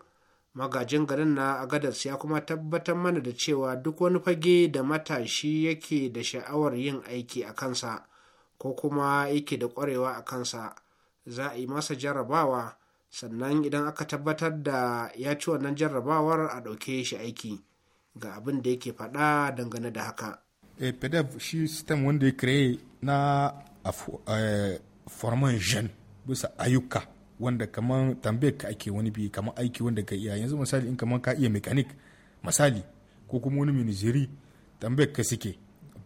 magajin garin na agadas ya kuma tabbatar mana da cewa duk wani fage da matashi yake da sha'awar yin aiki a kansa ko kuma yake da ƙwarewa a kansa za a yi masa jarrabawa sannan idan aka tabbatar da ya ci wannan jarrabawar a ɗauke shi aiki ga abin da yake faɗa dangane da haka. e eh, pdf shi sistem wanda ya kire na eh, forman jen bisa ayyuka wanda kamar tambayar ka ake wani bi kamar aiki wanda ka iya yanzu misali in kamar ka iya mekanik misali ko kuma wani miniziri tambayar ka suke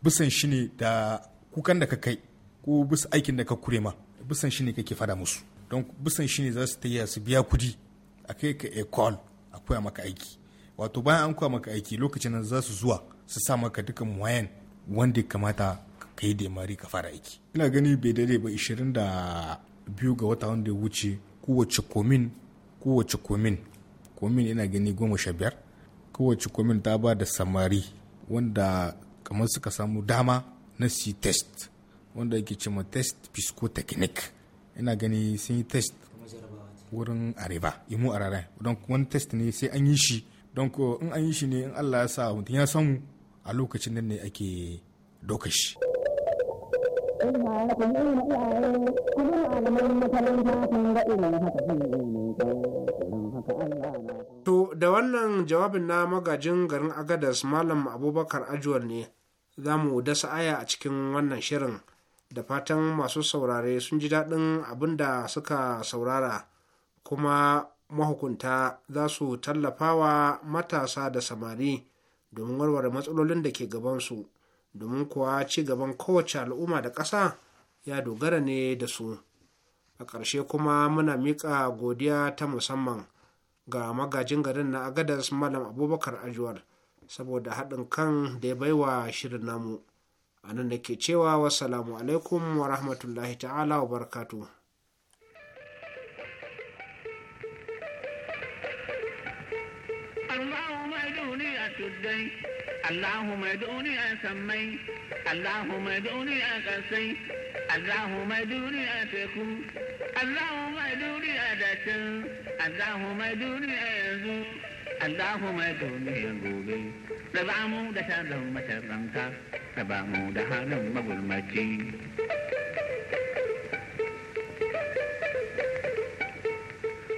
bisan shi ne da kukan da ka kai ko bisa aikin da ka kure ma bisan shi ne kake fada musu don bisan shi ne za su tayya su biya kudi a kai ka a a koya maka aiki wato bayan an koya maka aiki lokacin nan za su zuwa su sa maka duka muwayan wanda kamata ka yi demari ka fara aiki ina gani bai dade ba 22 ga wata wanda ya wuce kowace komin kowace komin komin ina gani goma sha biyar kowace komin ta ba da samari wanda kamar suka samu dama na c test wanda yake ce ma test psychotechnic ina gani sun yi test wurin areba imu rarai don wani test ne sai an yi shi don ko in an yi shi ne in allah ya sa mutum ya samu a lokacin nan ne ake lokaci. To da wannan jawabin na magajin garin Agadas Malam Abubakar Ajuwar ne za mu dasa aya a cikin wannan shirin da fatan masu saurare sun ji daɗin abin da suka saurara kuma mahukunta za su tallafawa matasa da samari domin warware matsalolin da ke gabansu domin kuwa ci gaban kowace al'umma da ƙasa ya dogara ne da su a ƙarshe kuma muna miƙa godiya ta musamman ga magajin garin na agadas malam abubakar ajuwar saboda haɗin kan da ya baiwa shirin namu a ke cewa wasalamu alaikum wa rahmatullahi ta'ala wa barakatu. tuddai Allahu mai duniya sammai Allahu mai duniya kasai Allahu mai duniya teku Allahu mai duniya dacin Allahu mai duniya yanzu Allahumma ya duniya gobe, raba mu da taron da raba mu da halin magulmaci.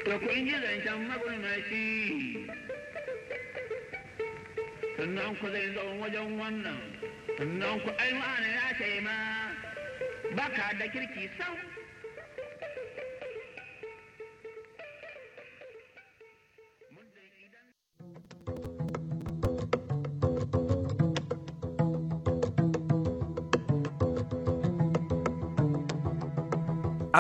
To kun ji zancen magulmaci, sannan ku zai zaun wajen wannan, sannan ku ai ma'ana ya ce ma, baka da kirki sau.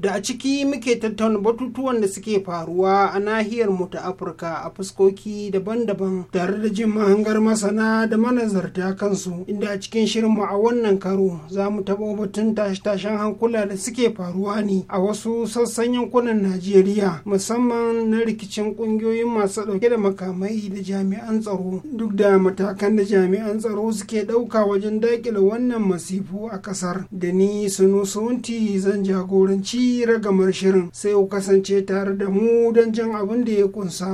da a ciki muke tattauna batutuwan da suke faruwa a nahiyar mu ta afirka a fuskoki daban-daban tare da jin mahangar masana da manazarta kansu inda a cikin shirin mu a wannan karo za mu taɓa batun tashe-tashen hankula da suke faruwa ne a wasu sassan yankunan najeriya musamman na rikicin ƙungiyoyin masu ɗauke da makamai da jami'an tsaro duk da matakan da jami'an tsaro suke ɗauka wajen daƙile wannan masifu a ƙasar da ni sunti zan jagoranci hira ragamar shirin sai ku kasance tare da mu don jan abin da ya kunsa.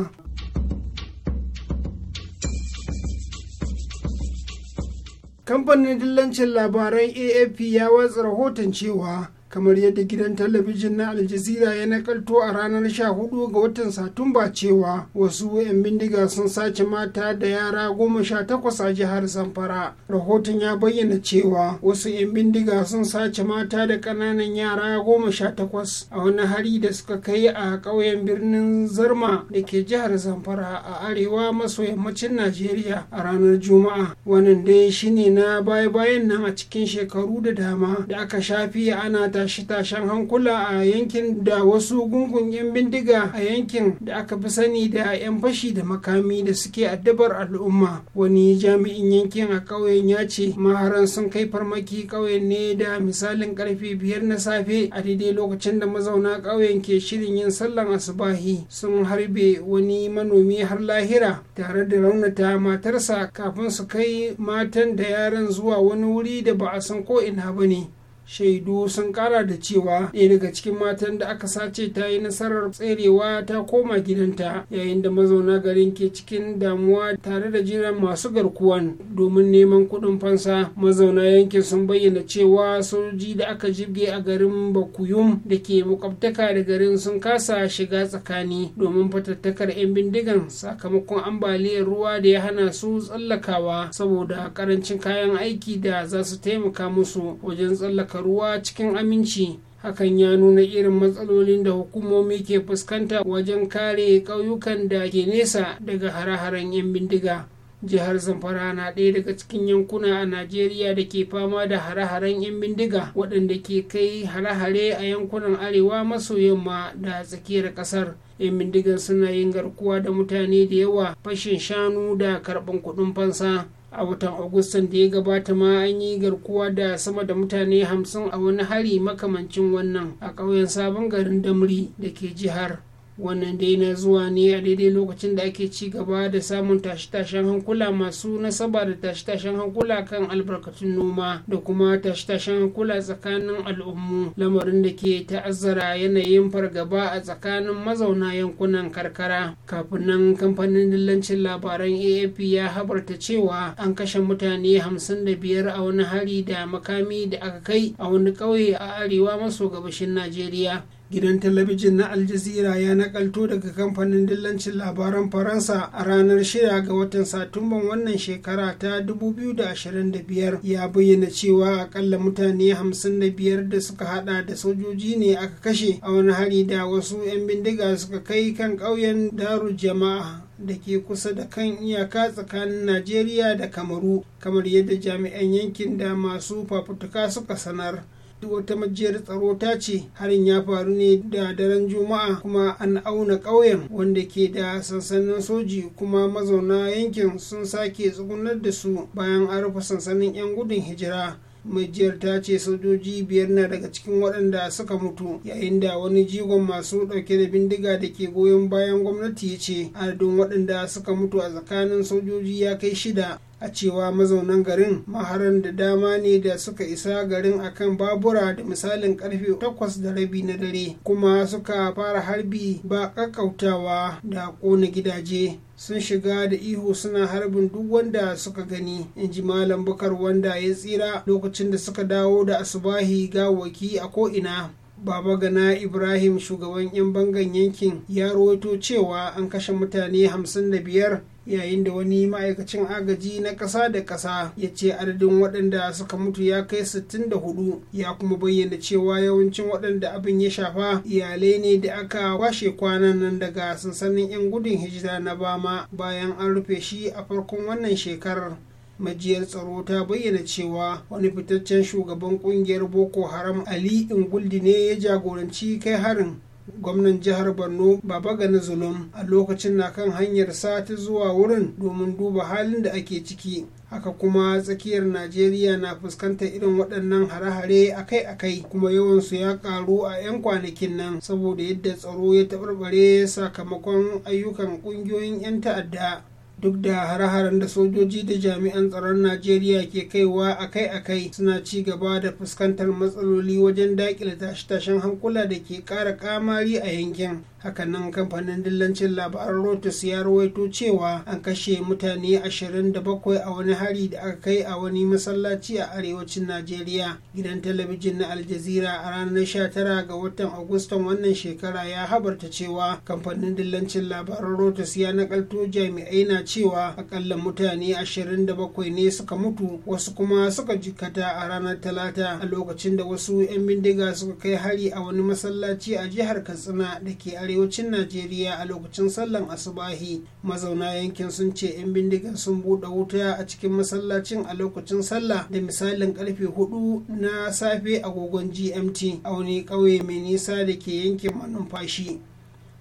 kamfanin dillancin labaran afp ya watsa rahoton cewa kamar yadda gidan talabijin na aljazira ya nakalto a ranar 14 ga watan satumba cewa wasu 'yan bindiga sun sace mata da yara goma sha takwas a jihar zamfara rahoton ya bayyana cewa wasu 'yan bindiga sun sace mata da ƙananan yara goma sha takwas a wani hari da suka kai a ƙauyen birnin zarma da ke jihar zamfara a arewa maso yammacin najeriya a ranar juma'a wannan dai shine na baya-bayan nan a cikin shekaru da dama da aka shafi ana ta tashe-tashen hankula a yankin da wasu gungun 'yan bindiga a yankin da aka fi sani da 'yan fashi da makami da suke addabar al'umma wani jami'in yankin a ƙauyen ya ce maharan sun kai farmaki ƙauyen ne da misalin karfe biyar na safe a daidai lokacin da mazauna ƙauyen ke shirin yin sallan asubahi sun harbe wani manomi har lahira tare da raunata matarsa kafin su kai matan da yaran zuwa wani wuri da ba a san ko ina ba ne shaidu sun kara da cewa ɗaya daga cikin matan da aka sace ta yi nasarar tserewa ta koma gidanta yayin da mazauna garin ke cikin damuwa tare da jiran masu garkuwan domin neman kuɗin fansa mazauna yankin sun bayyana cewa soji da aka jibge a garin bakuyum da ke makwabtaka da garin sun kasa shiga tsakani domin fatattakar 'yan bindigan sakamakon ambaliyar ruwa da ya hana su tsallakawa saboda karancin kayan aiki da za su taimaka musu wajen tsallaka ruwa cikin aminci hakan ya nuna irin matsalolin da hukumomi ke fuskanta wajen kare ƙauyukan da ke nesa daga hare-haren 'yan bindiga jihar zamfara na ɗaya daga cikin yankuna a najeriya da ke fama da hare-haren 'yan bindiga waɗanda ke kai hare-hare a yankunan arewa maso yamma da tsakiyar ƙasar 'yan bindigan suna yin garkuwa da mutane da yawa fashin shanu da karɓan kuɗin fansa a watan agustan da ya gabata ma an yi garkuwa da sama da mutane hamsin a wani hari makamancin wannan a ƙauyen sabon garin damri da ke jihar wannan dai na zuwa ne a daidai lokacin da ake ci gaba da samun tashe-tashen hankula masu nasaba da tashe-tashen hankula kan albarkatun noma da kuma tashe-tashen hankula tsakanin al'ummu lamarin da ke ta'azzara yanayin fargaba a tsakanin mazauna yankunan karkara kafin nan kamfanin dillancin labaran afp ya habarta cewa an kashe mutane 55 a wani hari da makami da aka kai a wani ƙauye a arewa maso gabashin najeriya gidan talabijin na aljazira ya nakalto daga kamfanin dillancin labaran faransa a ranar 6 ga watan satumban wannan shekara ta 2025 ya bayyana cewa akalla mutane 55 da suka hada da sojoji ne aka kashe a wani hari da wasu 'yan bindiga suka kai kan ƙauyen daru jama'a da ke kusa da kan iyaka tsakanin najeriya da kamaru kamar yadda jami'an yankin da masu fafutuka suka sanar duk wata majiyar tsaro ta ce harin ya faru ne da daren juma'a kuma an auna ƙauyen wanda ke da sansanin soji kuma mazauna yankin sun sake tsugunar da su bayan an rufe sansanin 'yan gudun hijira majiyar ta ce sojoji biyar na daga cikin waɗanda suka mutu yayin da wani jigon masu ɗauke da bindiga da ke goyon bayan gwamnati ya ce adadin waɗanda suka mutu a tsakanin sojoji ya kai shida a cewa mazaunan garin maharan da dama ne da suka isa garin akan babura da misalin karfe takwas da rabi na dare kuma suka fara harbi ba kakkautawa da kona gidaje sun shiga da ihu suna harbin duk wanda suka gani in ji malam bukar wanda ya tsira lokacin da suka dawo da asubahi gawaki a ko'ina Baba Gana Ibrahim shugaban 'yan bangan yankin ya rawaito cewa an kashe mutane hamsin da biyar. yayin da wani ma'aikacin agaji na ƙasa da ƙasa ya ce adadin waɗanda suka mutu ya kai 64 ya kuma bayyana cewa yawancin waɗanda abin ya shafa iyalai ne da aka kwashe kwanan nan daga sansanin 'yan gudun hijira na bama bayan an rufe shi a farkon wannan shekarar majiyar tsaro ta bayyana cewa wani fitaccen shugaban kungiyar boko haram ali inguldi ne ya jagoranci kai harin gwamnan jihar borno baba gani zulum a lokacin na kan hanyar sati zuwa wurin domin duba halin da ake ciki haka kuma tsakiyar najeriya na fuskantar irin waɗannan hare-hare akai-akai kuma yawansu ya karu a 'yan kwanakin nan saboda yadda tsaro ya taɓarɓare sakamakon ayyukan ƙungiyoyin 'yan ta'adda duk da hare-haren da sojoji da jami'an tsaron najeriya ke kaiwa akai-akai suna ci gaba da fuskantar matsaloli wajen daƙile tashe-tashen hankula da ke ƙara kamari a yankin hakanan kamfanin dillancin labaran Reuters ya rawaito cewa an kashe mutane 27 a wani hari da aka kai a wani masallaci a arewacin Najeriya gidan talabijin na Aljazeera a ranar 19 ga watan Agustan wannan shekara ya habarta cewa kamfanin dillancin labaran Reuters ya nakalto jami'ai na cewa akalla mutane 27 ne suka mutu wasu kuma suka jikata a ranar talata a lokacin da wasu 'yan bindiga suka kai hari a wani masallaci a jihar Katsina da ke are arewacin najeriya a lokacin sallan asubahi mazauna yankin sun ce 'yan bindigin sun buɗe wuta a cikin masallacin a lokacin sallah da misalin karfe 4 na safe agogon gmt a wani ƙauye mai nisa da ke yankin manumfashi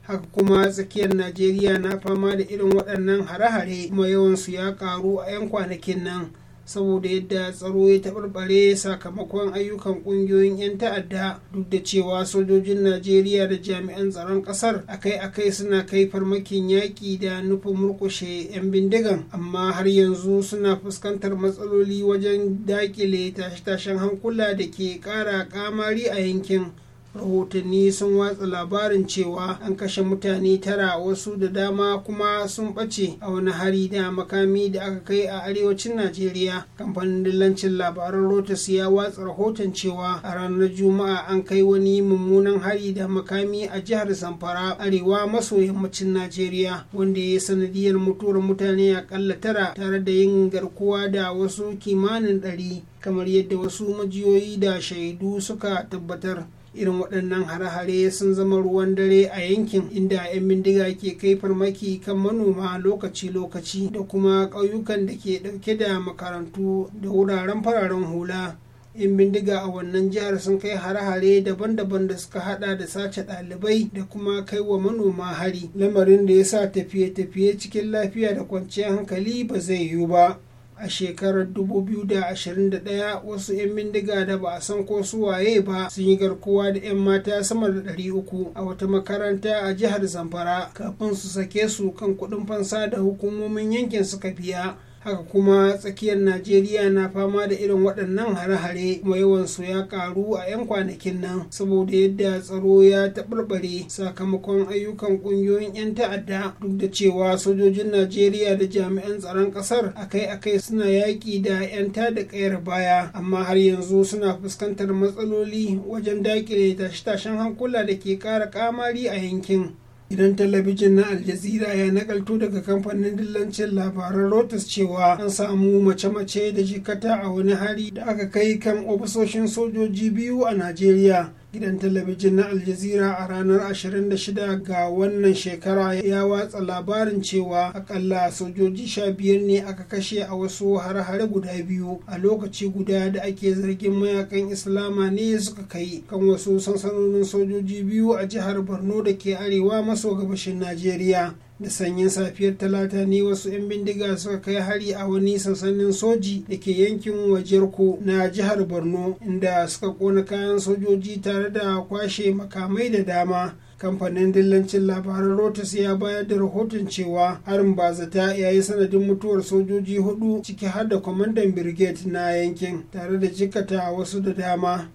haka kuma tsakiyar najeriya na fama da irin waɗannan hare-hare kuma yawansu ya ƙaru a 'yan kwanakin nan saboda yadda tsaro ya taɓarɓare sakamakon ayyukan ƙungiyoyin 'yan ta'adda duk da cewa sojojin najeriya da jami'an tsaron ƙasar akai-akai suna kai farmakin yaƙi da nufin murƙushe 'yan bindigan amma har yanzu suna fuskantar matsaloli wajen daƙile tashe-tashen hankula da ke ƙara ƙamari a yankin rahotanni sun watsa labarin cewa an kashe mutane tara wasu da dama kuma sun ɓace a wani hari da makami da aka kai a arewacin najeriya kamfanin dillancin labaran rotas ya watsa rahoton cewa a ranar juma'a an kai wani mummunan hari da makami a jihar zamfara arewa maso yammacin najeriya wanda ya sanadiyar mutuwar mutane akalla tara tare da yin garkuwa da wasu kimanin ɗari kamar yadda wasu majiyoyi da shaidu suka tabbatar irin waɗannan hare-hare sun zama ruwan dare a yankin inda 'yan bindiga ke kai farmaki kan manoma lokaci-lokaci da kuma ƙauyukan da ke ɗauke da makarantu da wuraren fararen hula 'yan bindiga a wannan jihar sun kai hare-hare daban-daban da suka hada da sace ɗalibai da kuma kai wa manoma hari lamarin da ya sa tafiye-tafiye cikin lafiya da kwanciyar hankali ba zai yiwu ba a shekarar 2021 wasu 'yan bindiga da ba a san ko su waye ba sun yi garkuwa da 'yan mata sama da 300 a wata makaranta a jihar zamfara kafin su sake su kan kuɗin fansa da hukumomin yankin suka biya haka kuma tsakiyar najeriya na fama da irin waɗannan hare-hare kuma yawansu ya karu a 'yan kwanakin nan saboda yadda tsaro ya taɓarɓare sakamakon ayyukan ƙungiyoyin 'yan ta'adda duk da cewa sojojin najeriya da jami'an tsaron ƙasar akai-akai suna yaƙi da 'yan da ƙayar baya amma har yanzu suna fuskantar matsaloli wajen daƙile tashe-tashen hankula da ke ƙara ƙamari a yankin gidan talabijin na aljazira ya nagalto daga kamfanin dillancin labaran rotas cewa an samu mace-mace da jikata a wani hari da aka kai kan ofisoshin sojoji biyu a najeriya gidan talabijin na aljazira a ranar 26 ga wannan shekara ya watsa labarin cewa akalla sojoji sha biyar ne aka kashe a wasu hare-hare guda biyu a lokaci guda da ake zargin mayakan islama ne suka kai kan wasu sansanonin sojoji biyu a jihar borno da ke arewa maso gabashin najeriya da sanyin safiyar talata ne wasu 'yan bindiga suka kai hari a wani sansanin soji da ke yankin wajerko na jihar borno inda suka kona kayan sojoji tare da kwashe makamai da dama kamfanin dillancin labaran rotus ya bayar da rahoton cewa harin bazata ya yi sanadin mutuwar sojoji hudu ciki har da kwamandan brigade na yankin tare da jikata wasu da dama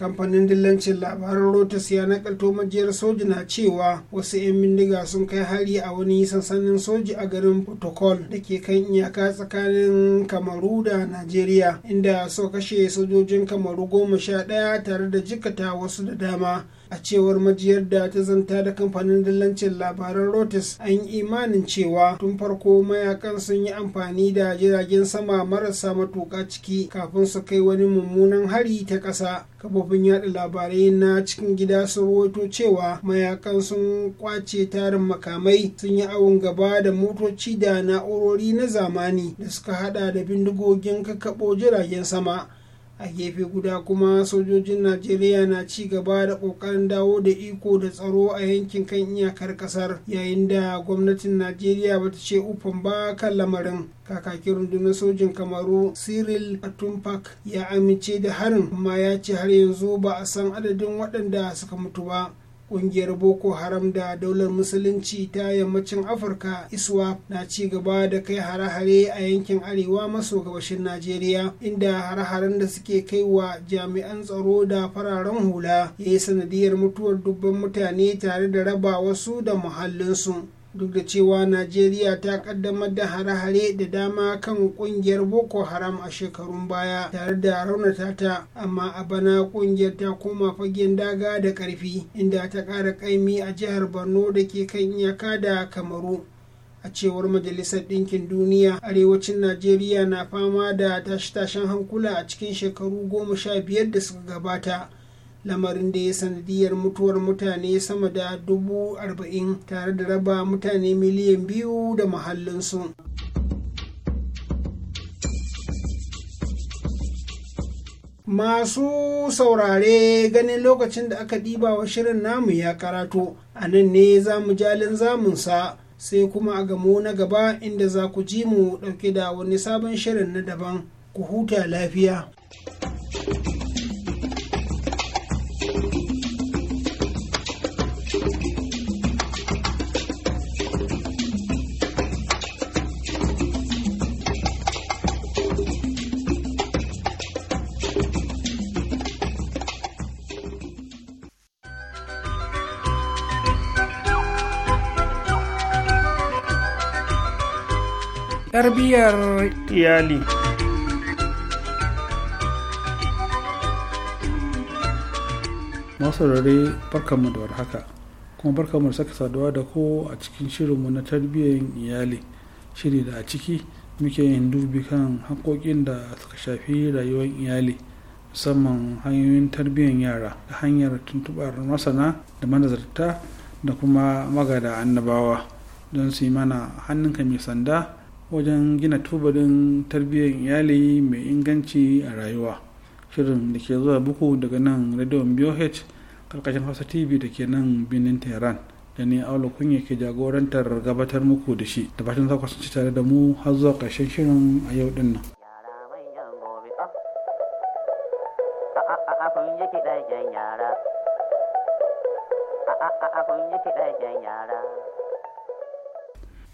kamfanin dillancin labaran rotas ya nakalto majiyar soji na cewa wasu 'yan bindiga sun kai hari a wani sansanin soji a garin protocol da ke kan iyaka tsakanin kamaru da najeriya inda suka kashe sojojin kamaru goma sha ɗaya tare da jikata wasu da dama a cewar majiyar da ta zanta da kamfanin dillancin labaran rotis an yi imanin cewa tun farko mayakan sun yi amfani da jiragen sama marasa matuƙa ciki kafin su kai wani mummunan hari ta ƙasa kafofin yada labarai na cikin gida sun rawaito cewa mayakan sun kwace tarin makamai sun yi awon gaba da motoci da na'urori na zamani da suka hada da bindigogin kakkaɓo jiragen sama a gefe guda kuma sojojin najeriya na ci gaba da kokarin dawo da iko da tsaro a yankin kan iyakar kasar yayin da gwamnatin najeriya bata ce ufan ba kan lamarin kakakin rundunar sojin kamaru cyril atumpak ya amince da harin amma ya ce har yanzu ba a san adadin waɗanda suka mutu ba Ƙungiyar boko haram da daular musulunci ta yammacin afirka iswa na ci gaba da kai hare-hare a yankin arewa maso gabashin najeriya inda hare-haren da suke kai wa jami'an tsaro da fararen hula ya yi sanadiyar mutuwar dubban mutane tare da raba wasu da muhallinsu duk da cewa najeriya ta kaddamar da hare-hare da dama kan kungiyar boko haram a shekarun baya tare da raunata ta amma a bana kungiyar ta koma fagen daga da karfi inda ta kara kaimi a jihar borno da ke kan iyaka da kamaru a cewar majalisar ɗinkin duniya arewacin najeriya na fama da tashe-tashen hankula a cikin shekaru goma sha biyar da suka gabata lamarin da ya sanadiyar mutuwar mutane sama da dubu arba'in tare da raba mutane miliyan biyu da mahallinsu. masu saurare ganin lokacin da aka ɗiba wa shirin namu ya karato a nan ne za mu jalin zamunsa sai kuma a gamo na gaba inda za ku ji mu ɗauke da wani sabon shirin na daban ku huta lafiya. thank you tarbiyyar iyali masarare barkanmu da warhaka kuma barkanmu da saka saduwa da ko a cikin shirinmu na tarbiyyar iyali shiri da a ciki muke yin dubi kan hankokin da suka shafi rayuwar iyali musamman hanyoyin tarbiyyar yara ta hanyar tuntubar masana da manazarta da kuma magada annabawa don su yi mana hannunka mai sanda wajen gina tubalin tarbiyyar iyali mai inganci a rayuwa shirin da ke zuwa buku daga nan radio boh karkashin hausa tv da ke nan birnin tehran da ni aula kunya ke jagorantar gabatar muku da shi da fatan za sun ci tare da mu har zuwa karshen shirin a yau din nan yara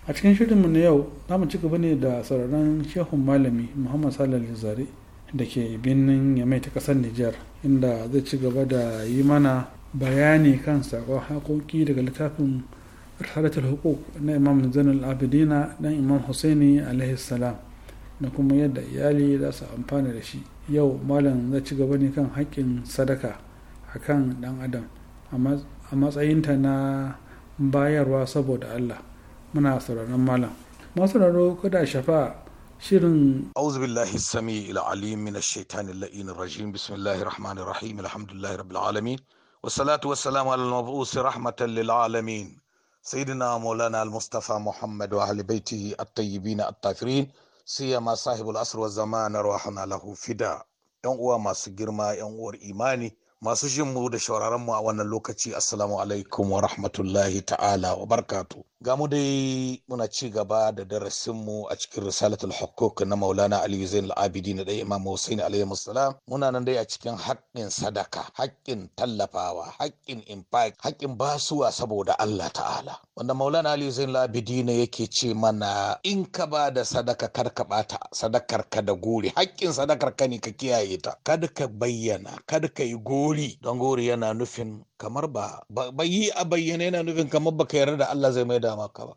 a cikin shirinmu na yau za mu ci gaba ne da sauraron shehun malami muhammad salal zare da ke birnin yamai ta kasar nijar inda zai ci gaba da yi mana bayani kan sakon haƙoƙi daga littafin risalatul hukuk na imam zainul abidina dan imam husaini alaihi salam da kuma yadda iyali za su amfana da shi yau malam zai ci gaba ne kan haƙƙin sadaka a kan ɗan adam a matsayinta na bayarwa saboda allah muna sauraron malam masu raro kada shafa shirin auzu billahi sami alim min ash-shaytan al-la'in rajim bismillahir rahmanir rahim alhamdulillahi rabbil alamin wassalatu wassalamu ala al-mab'us rahmatan lil alamin sayyidina maulana al-mustafa muhammad wa ahli baitihi at-tayyibin at-tafirin siyama sahibul asr wa zaman rahana lahu fida yan uwa masu girma yan uwar imani masu jin mu da shauraron mu a wannan lokaci assalamu alaikum wa rahmatullahi ta'ala wa barkatu ga mu dai muna ci gaba da darasin mu a cikin risalatul hukuk na maulana ali zain al-abidi na dai imam husaini alayhi salam muna nan dai a cikin haƙƙin sadaka haƙƙin tallafawa haƙƙin infaq haƙƙin basuwa saboda Allah ta'ala wanda maulana ali zain al-abidi ne yake ce mana in ka ba da sadaka kar ka bata sadakar ka da gori haƙƙin sadakar ka ne ka kiyaye ta kada ka bayyana kada ka yi gori guri don gori yana nufin kamar ba yi a bayyane yana nufin kamar ba ka yarda da Allah zai mai dama ka ba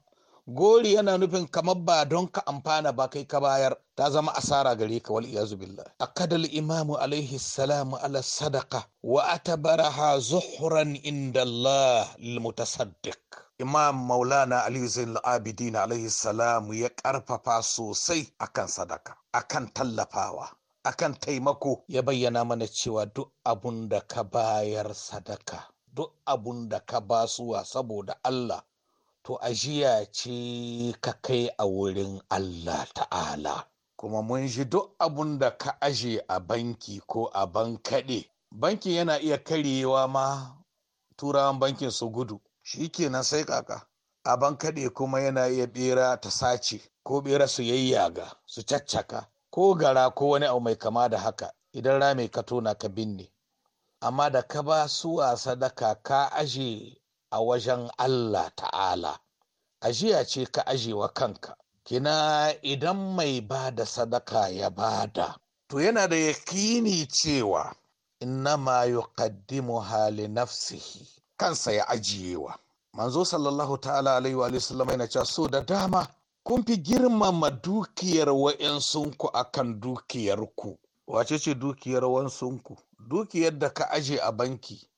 gori yana nufin kamar ba don ka amfana ba kai ka bayar ta zama asara gare ka wal iyazu billah akadal imamu alaihi salamu ala sadaqa wa atabaraha zuhran inda Allah lil mutasaddiq imam maulana ali zain abidin alaihi Salamu ya karfafa sosai akan sadaka akan tallafawa akan taimako ya bayyana mana cewa duk abun da ka bayar sadaka duk abun da ka basuwa saboda Allah to ajiya ce ka kai a wurin Allah ta'ala kuma mun ji duk abun da ka aje a banki ko a bankaɗe banki yana iya karyewa ma turawan bankin su gudu shi kenan sai kaka a bankaɗe kuma yana iya bera ta sace ko bera su yayyaga su caccaka ko gara ko wani abu mai kama da haka idan rami ka tona ka binne amma da ka ba suwa sadaka ka aje a wajen Allah ta'ala ajiya ce ka aje wa kanka kina idan mai ba da sadaka ya bada to yana da yakini cewa innama yuqaddimu hali nafsihi kansa ya ajiyewa manzo sallallahu ta'ala alaihi wa sallam yana cewa so da dama kun fi girmama dukiyar wa'yansunku a kan dukiyarku. Wace ce dukiyar wansunku? Dukiyar da ka aje a banki,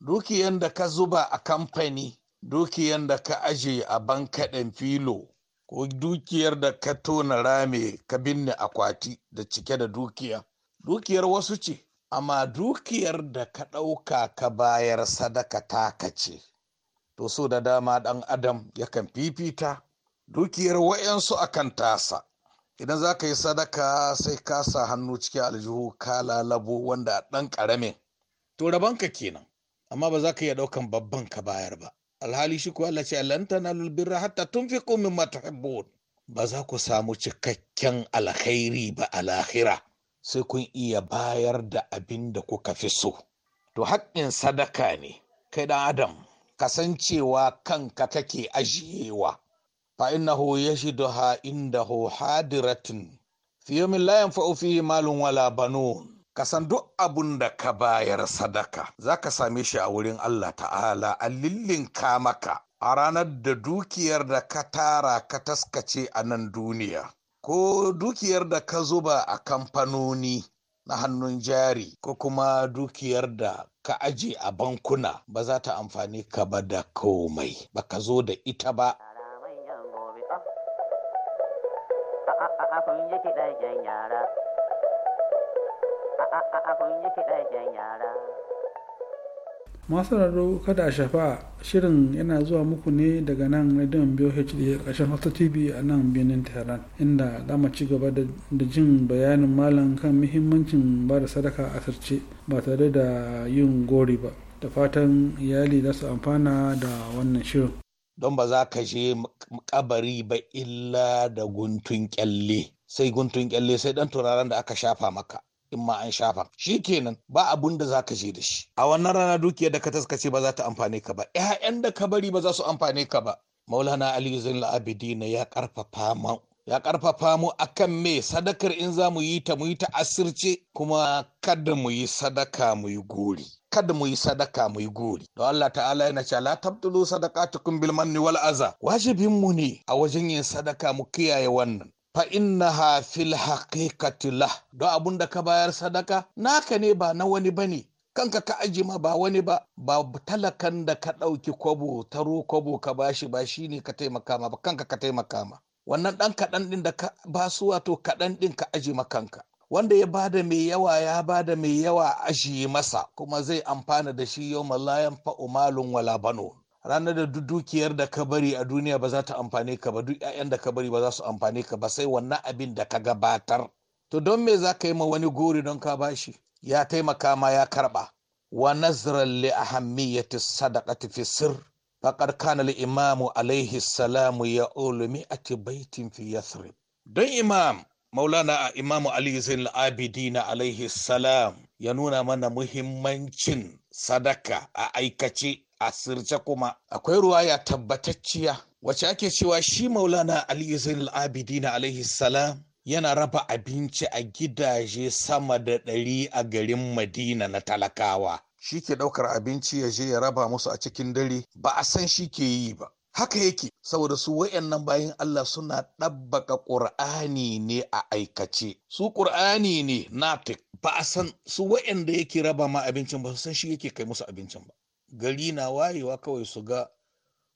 dukiyar da ka zuba a kamfani, dukiyar da ka aje a bankaɗen filo, ko dukiyar da ka tona rame ka binne akwati da cike da dukiya. Dukiyar wasu ce, amma dukiyar da ka ɗauka ka bayar sadaka taka ce. To so da dama ɗan adam yakan fifita dukiyar wayansu a kan tasa idan za ka yi sadaka sai ka sa hannu cikin aljihu ka lalabo wanda ɗan ƙaramin to rabanka kenan amma ba za ka iya ɗaukan babban ka bayar ba alhali shi kuwa Allah ce na tanalul birra hatta fi mimma tuhibbun ba za ku samu cikakken alkhairi ba a lahira sai kun iya bayar da abin da kuka fi so to haƙƙin sadaka ne kai adam kasancewa kanka take ajiyewa فإنه يشهدها عنده حاضرة في يوم لا ينفع فيه مال ولا بنون kasan duk abun da ka bayar sadaka za ka same shi a wurin Allah ta'ala a lillinka maka a ranar da dukiyar da ka tara ka taskace a nan duniya ko dukiyar da ka zuba a kamfanoni na hannun jari ko kuma dukiyar da ka aje a bankuna ba za ta amfani ka ba da komai ba ka zo da ita ba kun yara. A kun masu raro kada a shafa shirin yana zuwa muku ne daga nan radion biyo hd ƙarshen hausa tv a nan birnin tehran inda za mu ci gaba da jin bayanin malam kan muhimmancin ba da sadaka a sarce ba tare da yin gori ba da fatan iyali za su amfana da wannan shirin don ba za ka je kabari ba illa da guntun kyalle sai guntun kyalle sai dan turaren da aka shafa maka in ma an shafa shi kenan ba abun da zaka je da shi a wannan rana dukiyar da ka taskace ba za ta amfane ka ba ƴaƴan da ka bari ba za su amfane ka ba maulana ali al abidin ya karfafa mu ya karfafa mu akan me sadakar in za mu yi ta mu yi ta asirce kuma kada mu yi sadaka mu yi gori kada mu yi sadaka mu yi gori don Allah ta'ala yana cewa la tabdulu sadaqatukum bil manni wal aza wajibin mu ne a wajen yin sadaka mu kiyaye wannan fa inna ha fil haqiqati don abun da ka bayar sadaka naka ne ba na wani bane kanka ka aji ma ba wani ba ba talakan da ka ɗauki kwabo taro kwabo ka bashi ba shi ne ka taimaka ma ba kanka ka taimaka ma wannan ɗan kaɗan ɗin da ka ba su wato kaɗan ɗin ka aji ma kanka wanda ya bada mai yawa ya bada mai yawa ajiye masa kuma zai amfana da shi yau la fa'umalun malun wala bano ranar da dukiyar da ka bari a duniya ba za ta amfane ka ba duk 'ya'yan da ka bari ba za su amfane ka ba sai wannan abin da ka gabatar to don me za ka yi ma wani gori don ka bashi ya taimaka ma ya karba wa nazarar li ahammiyati sadaqati fi sir faqad kana al imam alayhi salam ya ulumi ati baitin fi yathrib don imam maulana a imam ali zain al abidina alayhi salam ya nuna mana muhimmancin sadaka a aikace A asirce kuma akwai ruwaya tabbatacciya wacce ake cewa shi maulana ali zainul abidina alaihi salam yana raba abinci a gidaje sama da ɗari a garin madina na talakawa shi ke ɗaukar abinci ya je ya raba musu a cikin dare ba a san shi ke yi ba haka yake saboda su wayannan bayan Allah suna ɗabbaka ƙur'ani ne a aikace su ƙur'ani ne natik ba a san su wayanda yake raba ma abincin ba su san shi yake kai musu abincin ba gari na wayewa kawai su ga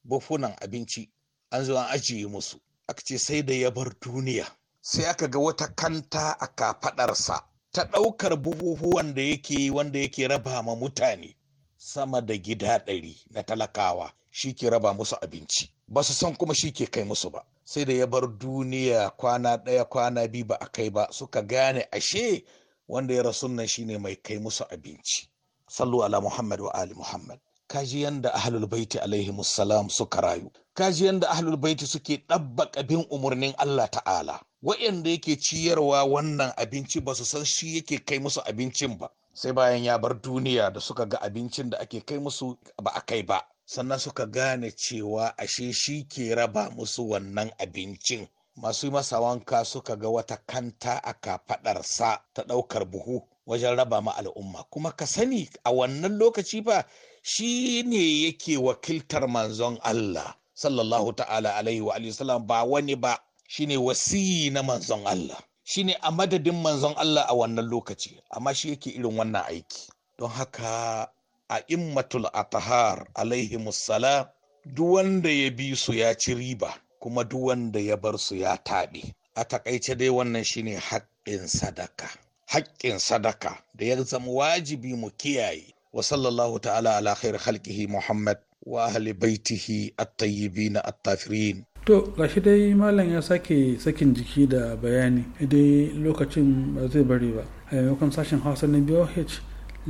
bufunan abinci an zo an ajiye musu aka ce sai da ya bar duniya sai aka ga wata kanta a kafadarsa ta ɗaukar buhuhuwan da yake wanda yake raba ma mutane sama da gida ɗari na talakawa shi ke raba musu abinci ba su san kuma shi ke kai musu ba sai da ya bar duniya kwana ɗaya kwana biyu ba a kai ba suka gane ashe wanda ya rasu nan shine mai kai musu abinci sallu ala muhammad wa ali muhammad kaji yanda ahlul baiti alaihi musallam suka rayu kaji yanda ahlul baiti suke ɗabbaka bin umarnin Allah ta'ala wa'anda yake ciyarwa wannan abinci ba su san shi yake kai musu abincin ba sai bayan ya bar duniya da suka ga abincin da ake kai musu ba a kai ba sannan suka gane cewa ashe shi ke raba musu wannan abincin masu masa wanka suka ga wata kanta a kafaɗarsa ta ɗaukar buhu wajen raba ma al'umma kuma ka sani a wannan lokaci ba shi ne yake wakiltar manzon Allah sallallahu ta'ala alaihi wa sallam ba wani ba Shi ne wasiyi na manzon Allah Shi ne a madadin manzon Allah a wannan lokaci amma shi yake irin wannan aiki don haka a immatul atahar alaihi musala wanda ya bi su ya ci riba kuma duwanda ya bar su ya taɓe a takaice dai wannan shi ne haƙƙin sadaka haƙƙin sadaka da ya zama wajibi mu kiyaye Wasallallahu sallallahu ta'ala ala khair khalqihi muhammad wa ahli baitihi at tafirin to gashi dai malam ya sake sakin jiki da bayani dai lokacin ba zai bari ba a maimakon sashen hausa na boh da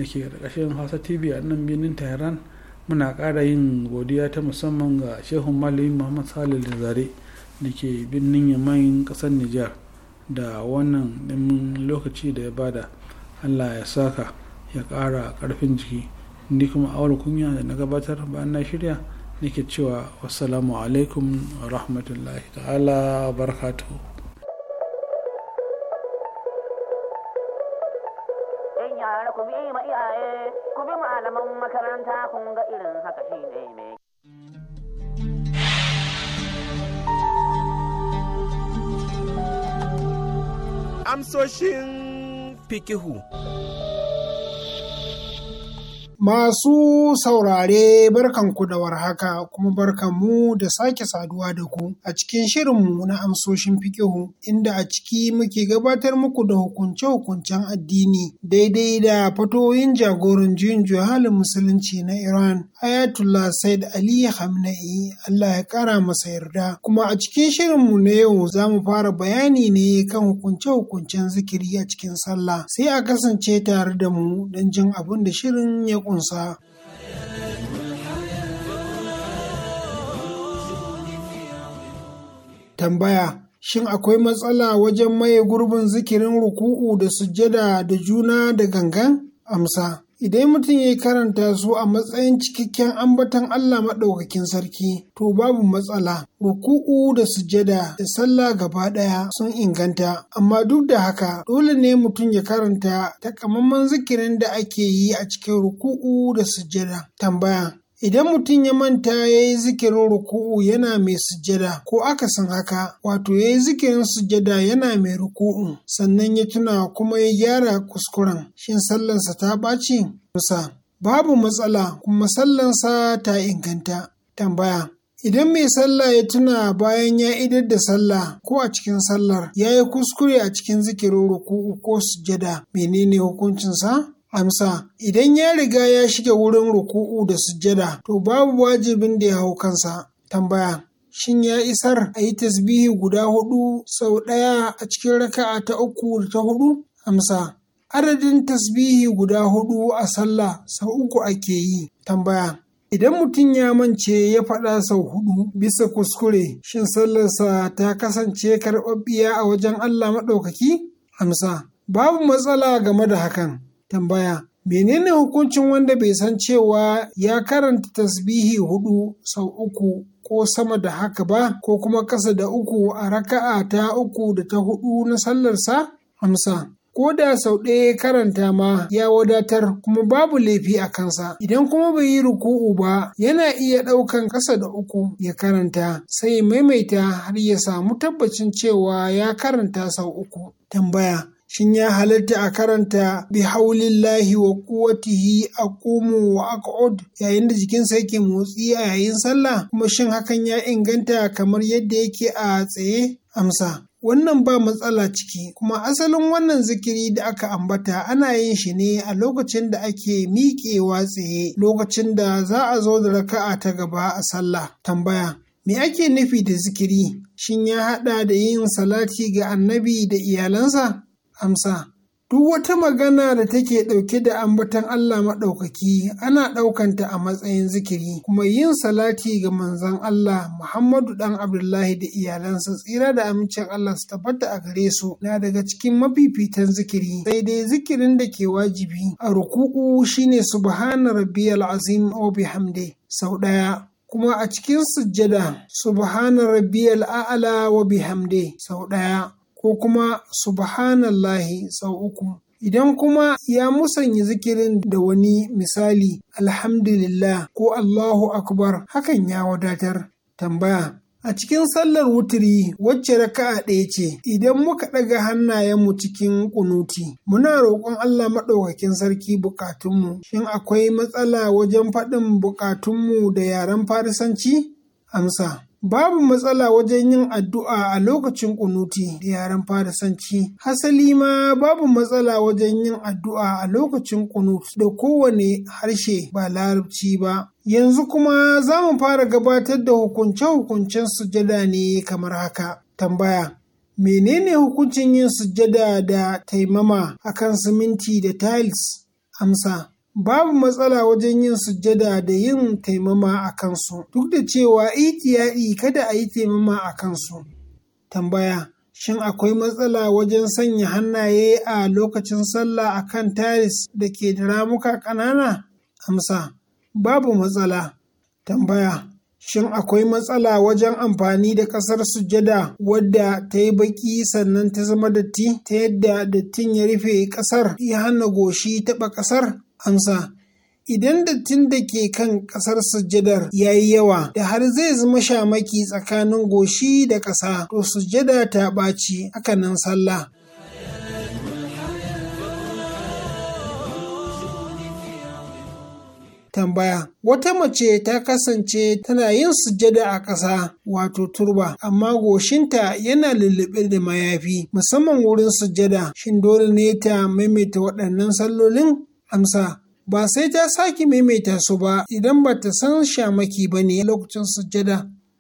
ke ƙarƙashin hausa tv a nan birnin tehran muna ƙara yin godiya ta musamman ga shehun Mallamin muhammad salil zare da ke birnin yamayin ƙasar nijar da wannan ɗimin lokaci da ya bada allah ya saka ya ƙara ƙarfin jiki ni kuma awar kunya da na gabatar bayan na shirya nake cewa wassalamu alaikum rahmatullahi ta'ala barakatuhu ku malaman makaranta kun irin haka shine amsoshin fikihu. Masu saurare barkanku da warhaka kuma barkanmu da sake saduwa da ku a cikin shirinmu na amsoshin fikihu inda a ciki muke gabatar muku da hukunce-hukuncen addini daidai da fatoyin jagoran juyin juhalin musulunci na Iran Ayatullah Said Ali Hamna'i Allah ya kara masa yarda kuma a cikin shirinmu na yau za mu fara bayani ne kan hukunce-hukuncen zikiri a cikin sallah sai a kasance tare da mu don jin abin da shirin ya ƙunsa. Tambaya Shin akwai matsala wajen maye gurbin zikirin ruku'u da sujjada da juna da gangan? Amsa. Idan mutum ya karanta su a matsayin cikakken ambaton Allah maɗaukakin sarki, to babu matsala, ruku'u da sujada da sallah gaba ɗaya sun inganta, amma duk da haka dole ne mutum ya karanta takamaiman zikirin da ake yi a cikin ruku'u da sujada. Tambaya. Idan mutum ya manta ya yi zikirin ruku'u yana mai sujada ko aka san haka, wato ya yi zikirin sujada yana mai ruku'u, sannan ya tuna kuma ya gyara kuskuren, shin sallansa ta ɓaci? Musa, babu matsala kuma sallansa ta inganta. Tambaya. Idan mai sallah ya tuna bayan ya idar da sallah ko a cikin sallar ya yi kuskure a cikin zikirin ruku'u ko sujada menene hukuncinsa? Amsa, idan ya riga ya shiga wurin ruku'u da sujjada, to babu wajibin da ya hau kansa. Tambaya, shin ya isar a yi tasbihi guda hudu sau ɗaya a cikin raka'a ta uku da ta hudu? Amsa, adadin tasbihi guda hudu a sallah sau uku ake yi. Tambaya, idan mutum ya mance ya faɗa sau hudu bisa kuskure, shin sallarsa ta kasance karɓaɓɓiya a wajen Allah maɗaukaki? Amsa, babu matsala game da hakan. Tambaya Menene hukuncin wanda bai san cewa ya karanta tasbihi hudu sau uku ko sama da haka ba ko kuma ƙasa da uku a raka'a ta uku da ta hudu na sallarsa? Amsa. Ko da sau ɗaya karanta ma ya wadatar kuma babu laifi a kansa. Idan kuma bai yi ruku'u ba yana iya ɗaukan ƙasa da uku ya karanta sai maimaita har ya samu tabbacin cewa ya karanta sau uku. Tambaya. shin ya halatta a karanta bi haulillahi wa a kumu wa aq'ud yayin da jikinsa yake motsi a yayin sallah kuma shin hakan ya inganta kamar yadda yake a tsaye amsa wannan ba matsala ciki kuma asalin wannan zikiri da aka ambata ana yin shi ne a lokacin da ake miƙewa tsaye lokacin da za a zo da raka'a ta gaba a sallah tambaya me ake nufi da zikiri shin ya haɗa da yin salati ga annabi da iyalansa Amsa Duk wata magana da take ɗauke da ambaton Allah maɗaukaki ana ɗaukanta a matsayin zikiri, kuma yin salati ga manzon Allah Muhammadu ɗan Abdullahi da iyalansa tsira da amincin Allah su tabbata a gare su na daga cikin mafifitan zikiri. Sai dai zikirin da ke wajibi a ruku'u shine subhana rabbiyal azim wa bihamdi sau ɗaya. Kuma a cikin sujjada subhana rabbiyal a'ala wa bihamdi sau ɗaya. ko kuma Subhanallahi sau uku. Idan kuma ya musanya zikirin da wani misali Alhamdulillah ko Allahu Akbar hakan ya wadatar. Tambaya A cikin sallar wuturi wacce raka'a ɗaya ce, idan muka ɗaga hannayenmu cikin kunuti, muna roƙon Allah maɗaukakin sarki buƙatunmu, shin akwai matsala wajen faɗin buƙatunmu da yaren Farisanci? Amsa. Babu matsala wajen yin addu'a a lokacin Kunuti da yaren sanci. Hasali ma babu matsala wajen yin addu'a a lokacin Kunuti da kowane harshe ba larabci ba. Yanzu kuma za mu fara gabatar da hukunce-hukuncen sujada ne kamar haka. Tambaya. Menene hukuncin yin sujada da taimama akan siminti da tiles? Amsa. babu matsala wajen yin sujjada da yin taimama a kansu, duk da cewa itiyaɗi kada a yi taimama a kansu. Tambaya Shin akwai matsala wajen sanya hannaye a lokacin sallah a kan taris da ke da ramuka ƙanana? Amsa Babu matsala. Tambaya Shin akwai matsala wajen amfani da ƙasar sujjada wadda ta yi baƙi sannan ta zama datti ta yadda dattin ya rufe ƙasar ya hana goshi taɓa ƙasar? amsa idan dattin da ke kan ƙasar sujadar ya yi yawa da har zai zama shamaki tsakanin goshi da ƙasa to sujjada ta ɓaci hakanan sallah tambaya wata mace ta kasance tana yin sujjada a ƙasa wato turba amma goshinta yana lullube da mayafi musamman wurin sujada shin dole ne ta maimaita waɗannan sallolin amsa ba sai ta sake maimaita su ba idan ba ta san shamaki ba ne lokacin sujjada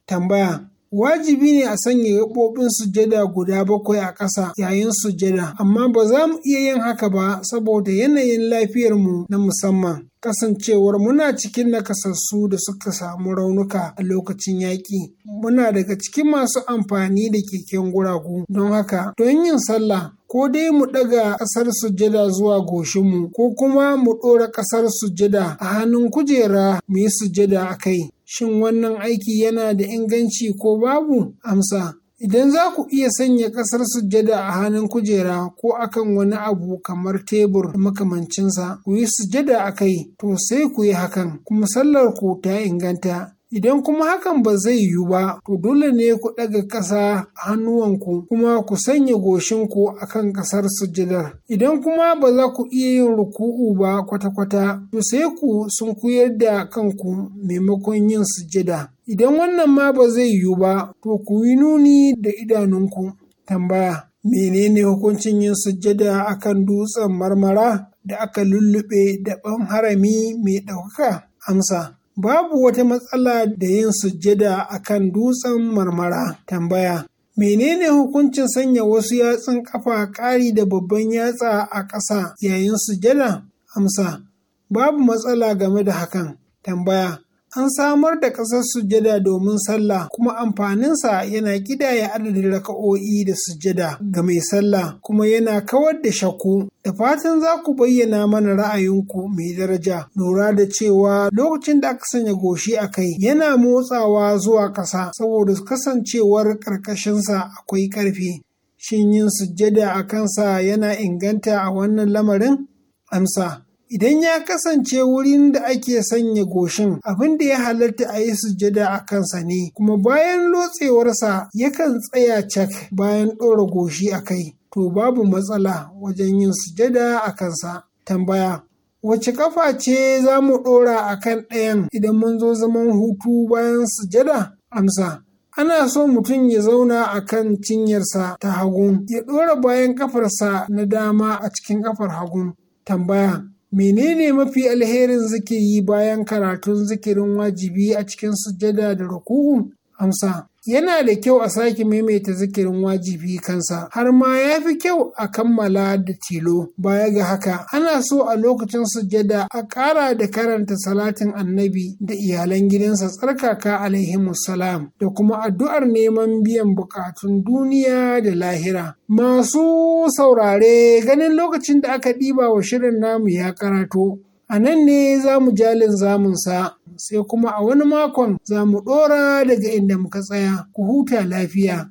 tambaya wajibi ne a sanya gaɓoɓin sujjada guda bakwai a ƙasa yayin sujada. amma ba za mu iya yin haka ba saboda yanayin lafiyarmu na musamman kasancewar muna cikin nakasassu da suka samu raunuka a lokacin yaƙi muna daga cikin masu amfani da keken guragu don haka don yin sallah ko dai mu ɗaga ƙasar sujada zuwa goshinmu ko kuma mu ɗora ƙasar sujada a hannun kujera mu yi sujada a kai shin wannan aiki yana da inganci ko babu amsa Idan za ku iya sanya ƙasar sujada a hannun kujera ko akan wani abu kamar tebur makamancinsa, ku yi sujada a kai, to sai ku yi hakan, kuma sallar ku ta inganta. Idan kuma hakan ba zai yiwu ba, to dole ne ku ɗaga ƙasa a hannuwanku kuma ku sanya goshinku a kan ƙasar sujadar. Idan kuma ba za ku iya yin ruku'u ba kwata-kwata, to sai ku sun kuyar da kanku maimakon yin sujada. Idan wannan ma ba zai yiwu ba, to ku yi nuni da idanunku. Tambaya. Menene hukuncin yin sujada kan dutsen marmara da aka lullube daban harami mai ɗaukaka? Amsa. Babu wata matsala da yin sujjada a kan dutsen marmara. Tambaya. Menene hukuncin sanya wasu yatsun kafa ƙari da babban yatsa a ƙasa yayin sujjada? Amsa. Babu matsala game da hakan. Tambaya. An samar da ƙasar sujada domin sallah kuma amfaninsa yana ƙidaya adadin raka'o'i da sujada ga mai sallah kuma yana kawar da shaku. Da fatan za ku bayyana mana ra'ayinku mai daraja lura da cewa lokacin da aka sanya goshi a kai yana motsawa zuwa ƙasa saboda kasancewar ƙarƙashinsa akwai ƙarfi. Shin yin sujada a kansa yana inganta a wannan lamarin? Amsa. Idan ya kasance wurin da ake sanya goshin abin da ya halatta a yi sujada a kansa ne, kuma bayan lotsewarsa yakan tsaya cak bayan ɗora goshi a kai, to babu matsala wajen yin sujada a kansa. Tambaya Wace kafa ce za mu ɗora a kan ɗayan idan mun zo zaman hutu bayan sujada? Amsa ana so mutum ya zauna a kan cinyarsa ta hagu. ya ɗora bayan ƙafarsa na dama a cikin ƙafar hagun tambaya Menene mafi alherin zikiri bayan karatun zikirin wajibi a cikin sujada da ruku'u? Amsa yana da kyau a sake maimaita zikirin wajibi kansa har ma ya fi kyau a kammala da tilo baya ga haka ana so a lokacin sujada a ƙara da karanta salatin annabi da iyalan gidansa tsarkaka alaihimussalam da kuma addu'ar neman biyan bukatun duniya da lahira masu saurare ganin lokacin da aka ɗiba wa shirin namu ya karato a nan ne za mu jalin zamunsa sai kuma a wani makon za mu ɗora daga inda muka tsaya. Ku huta lafiya.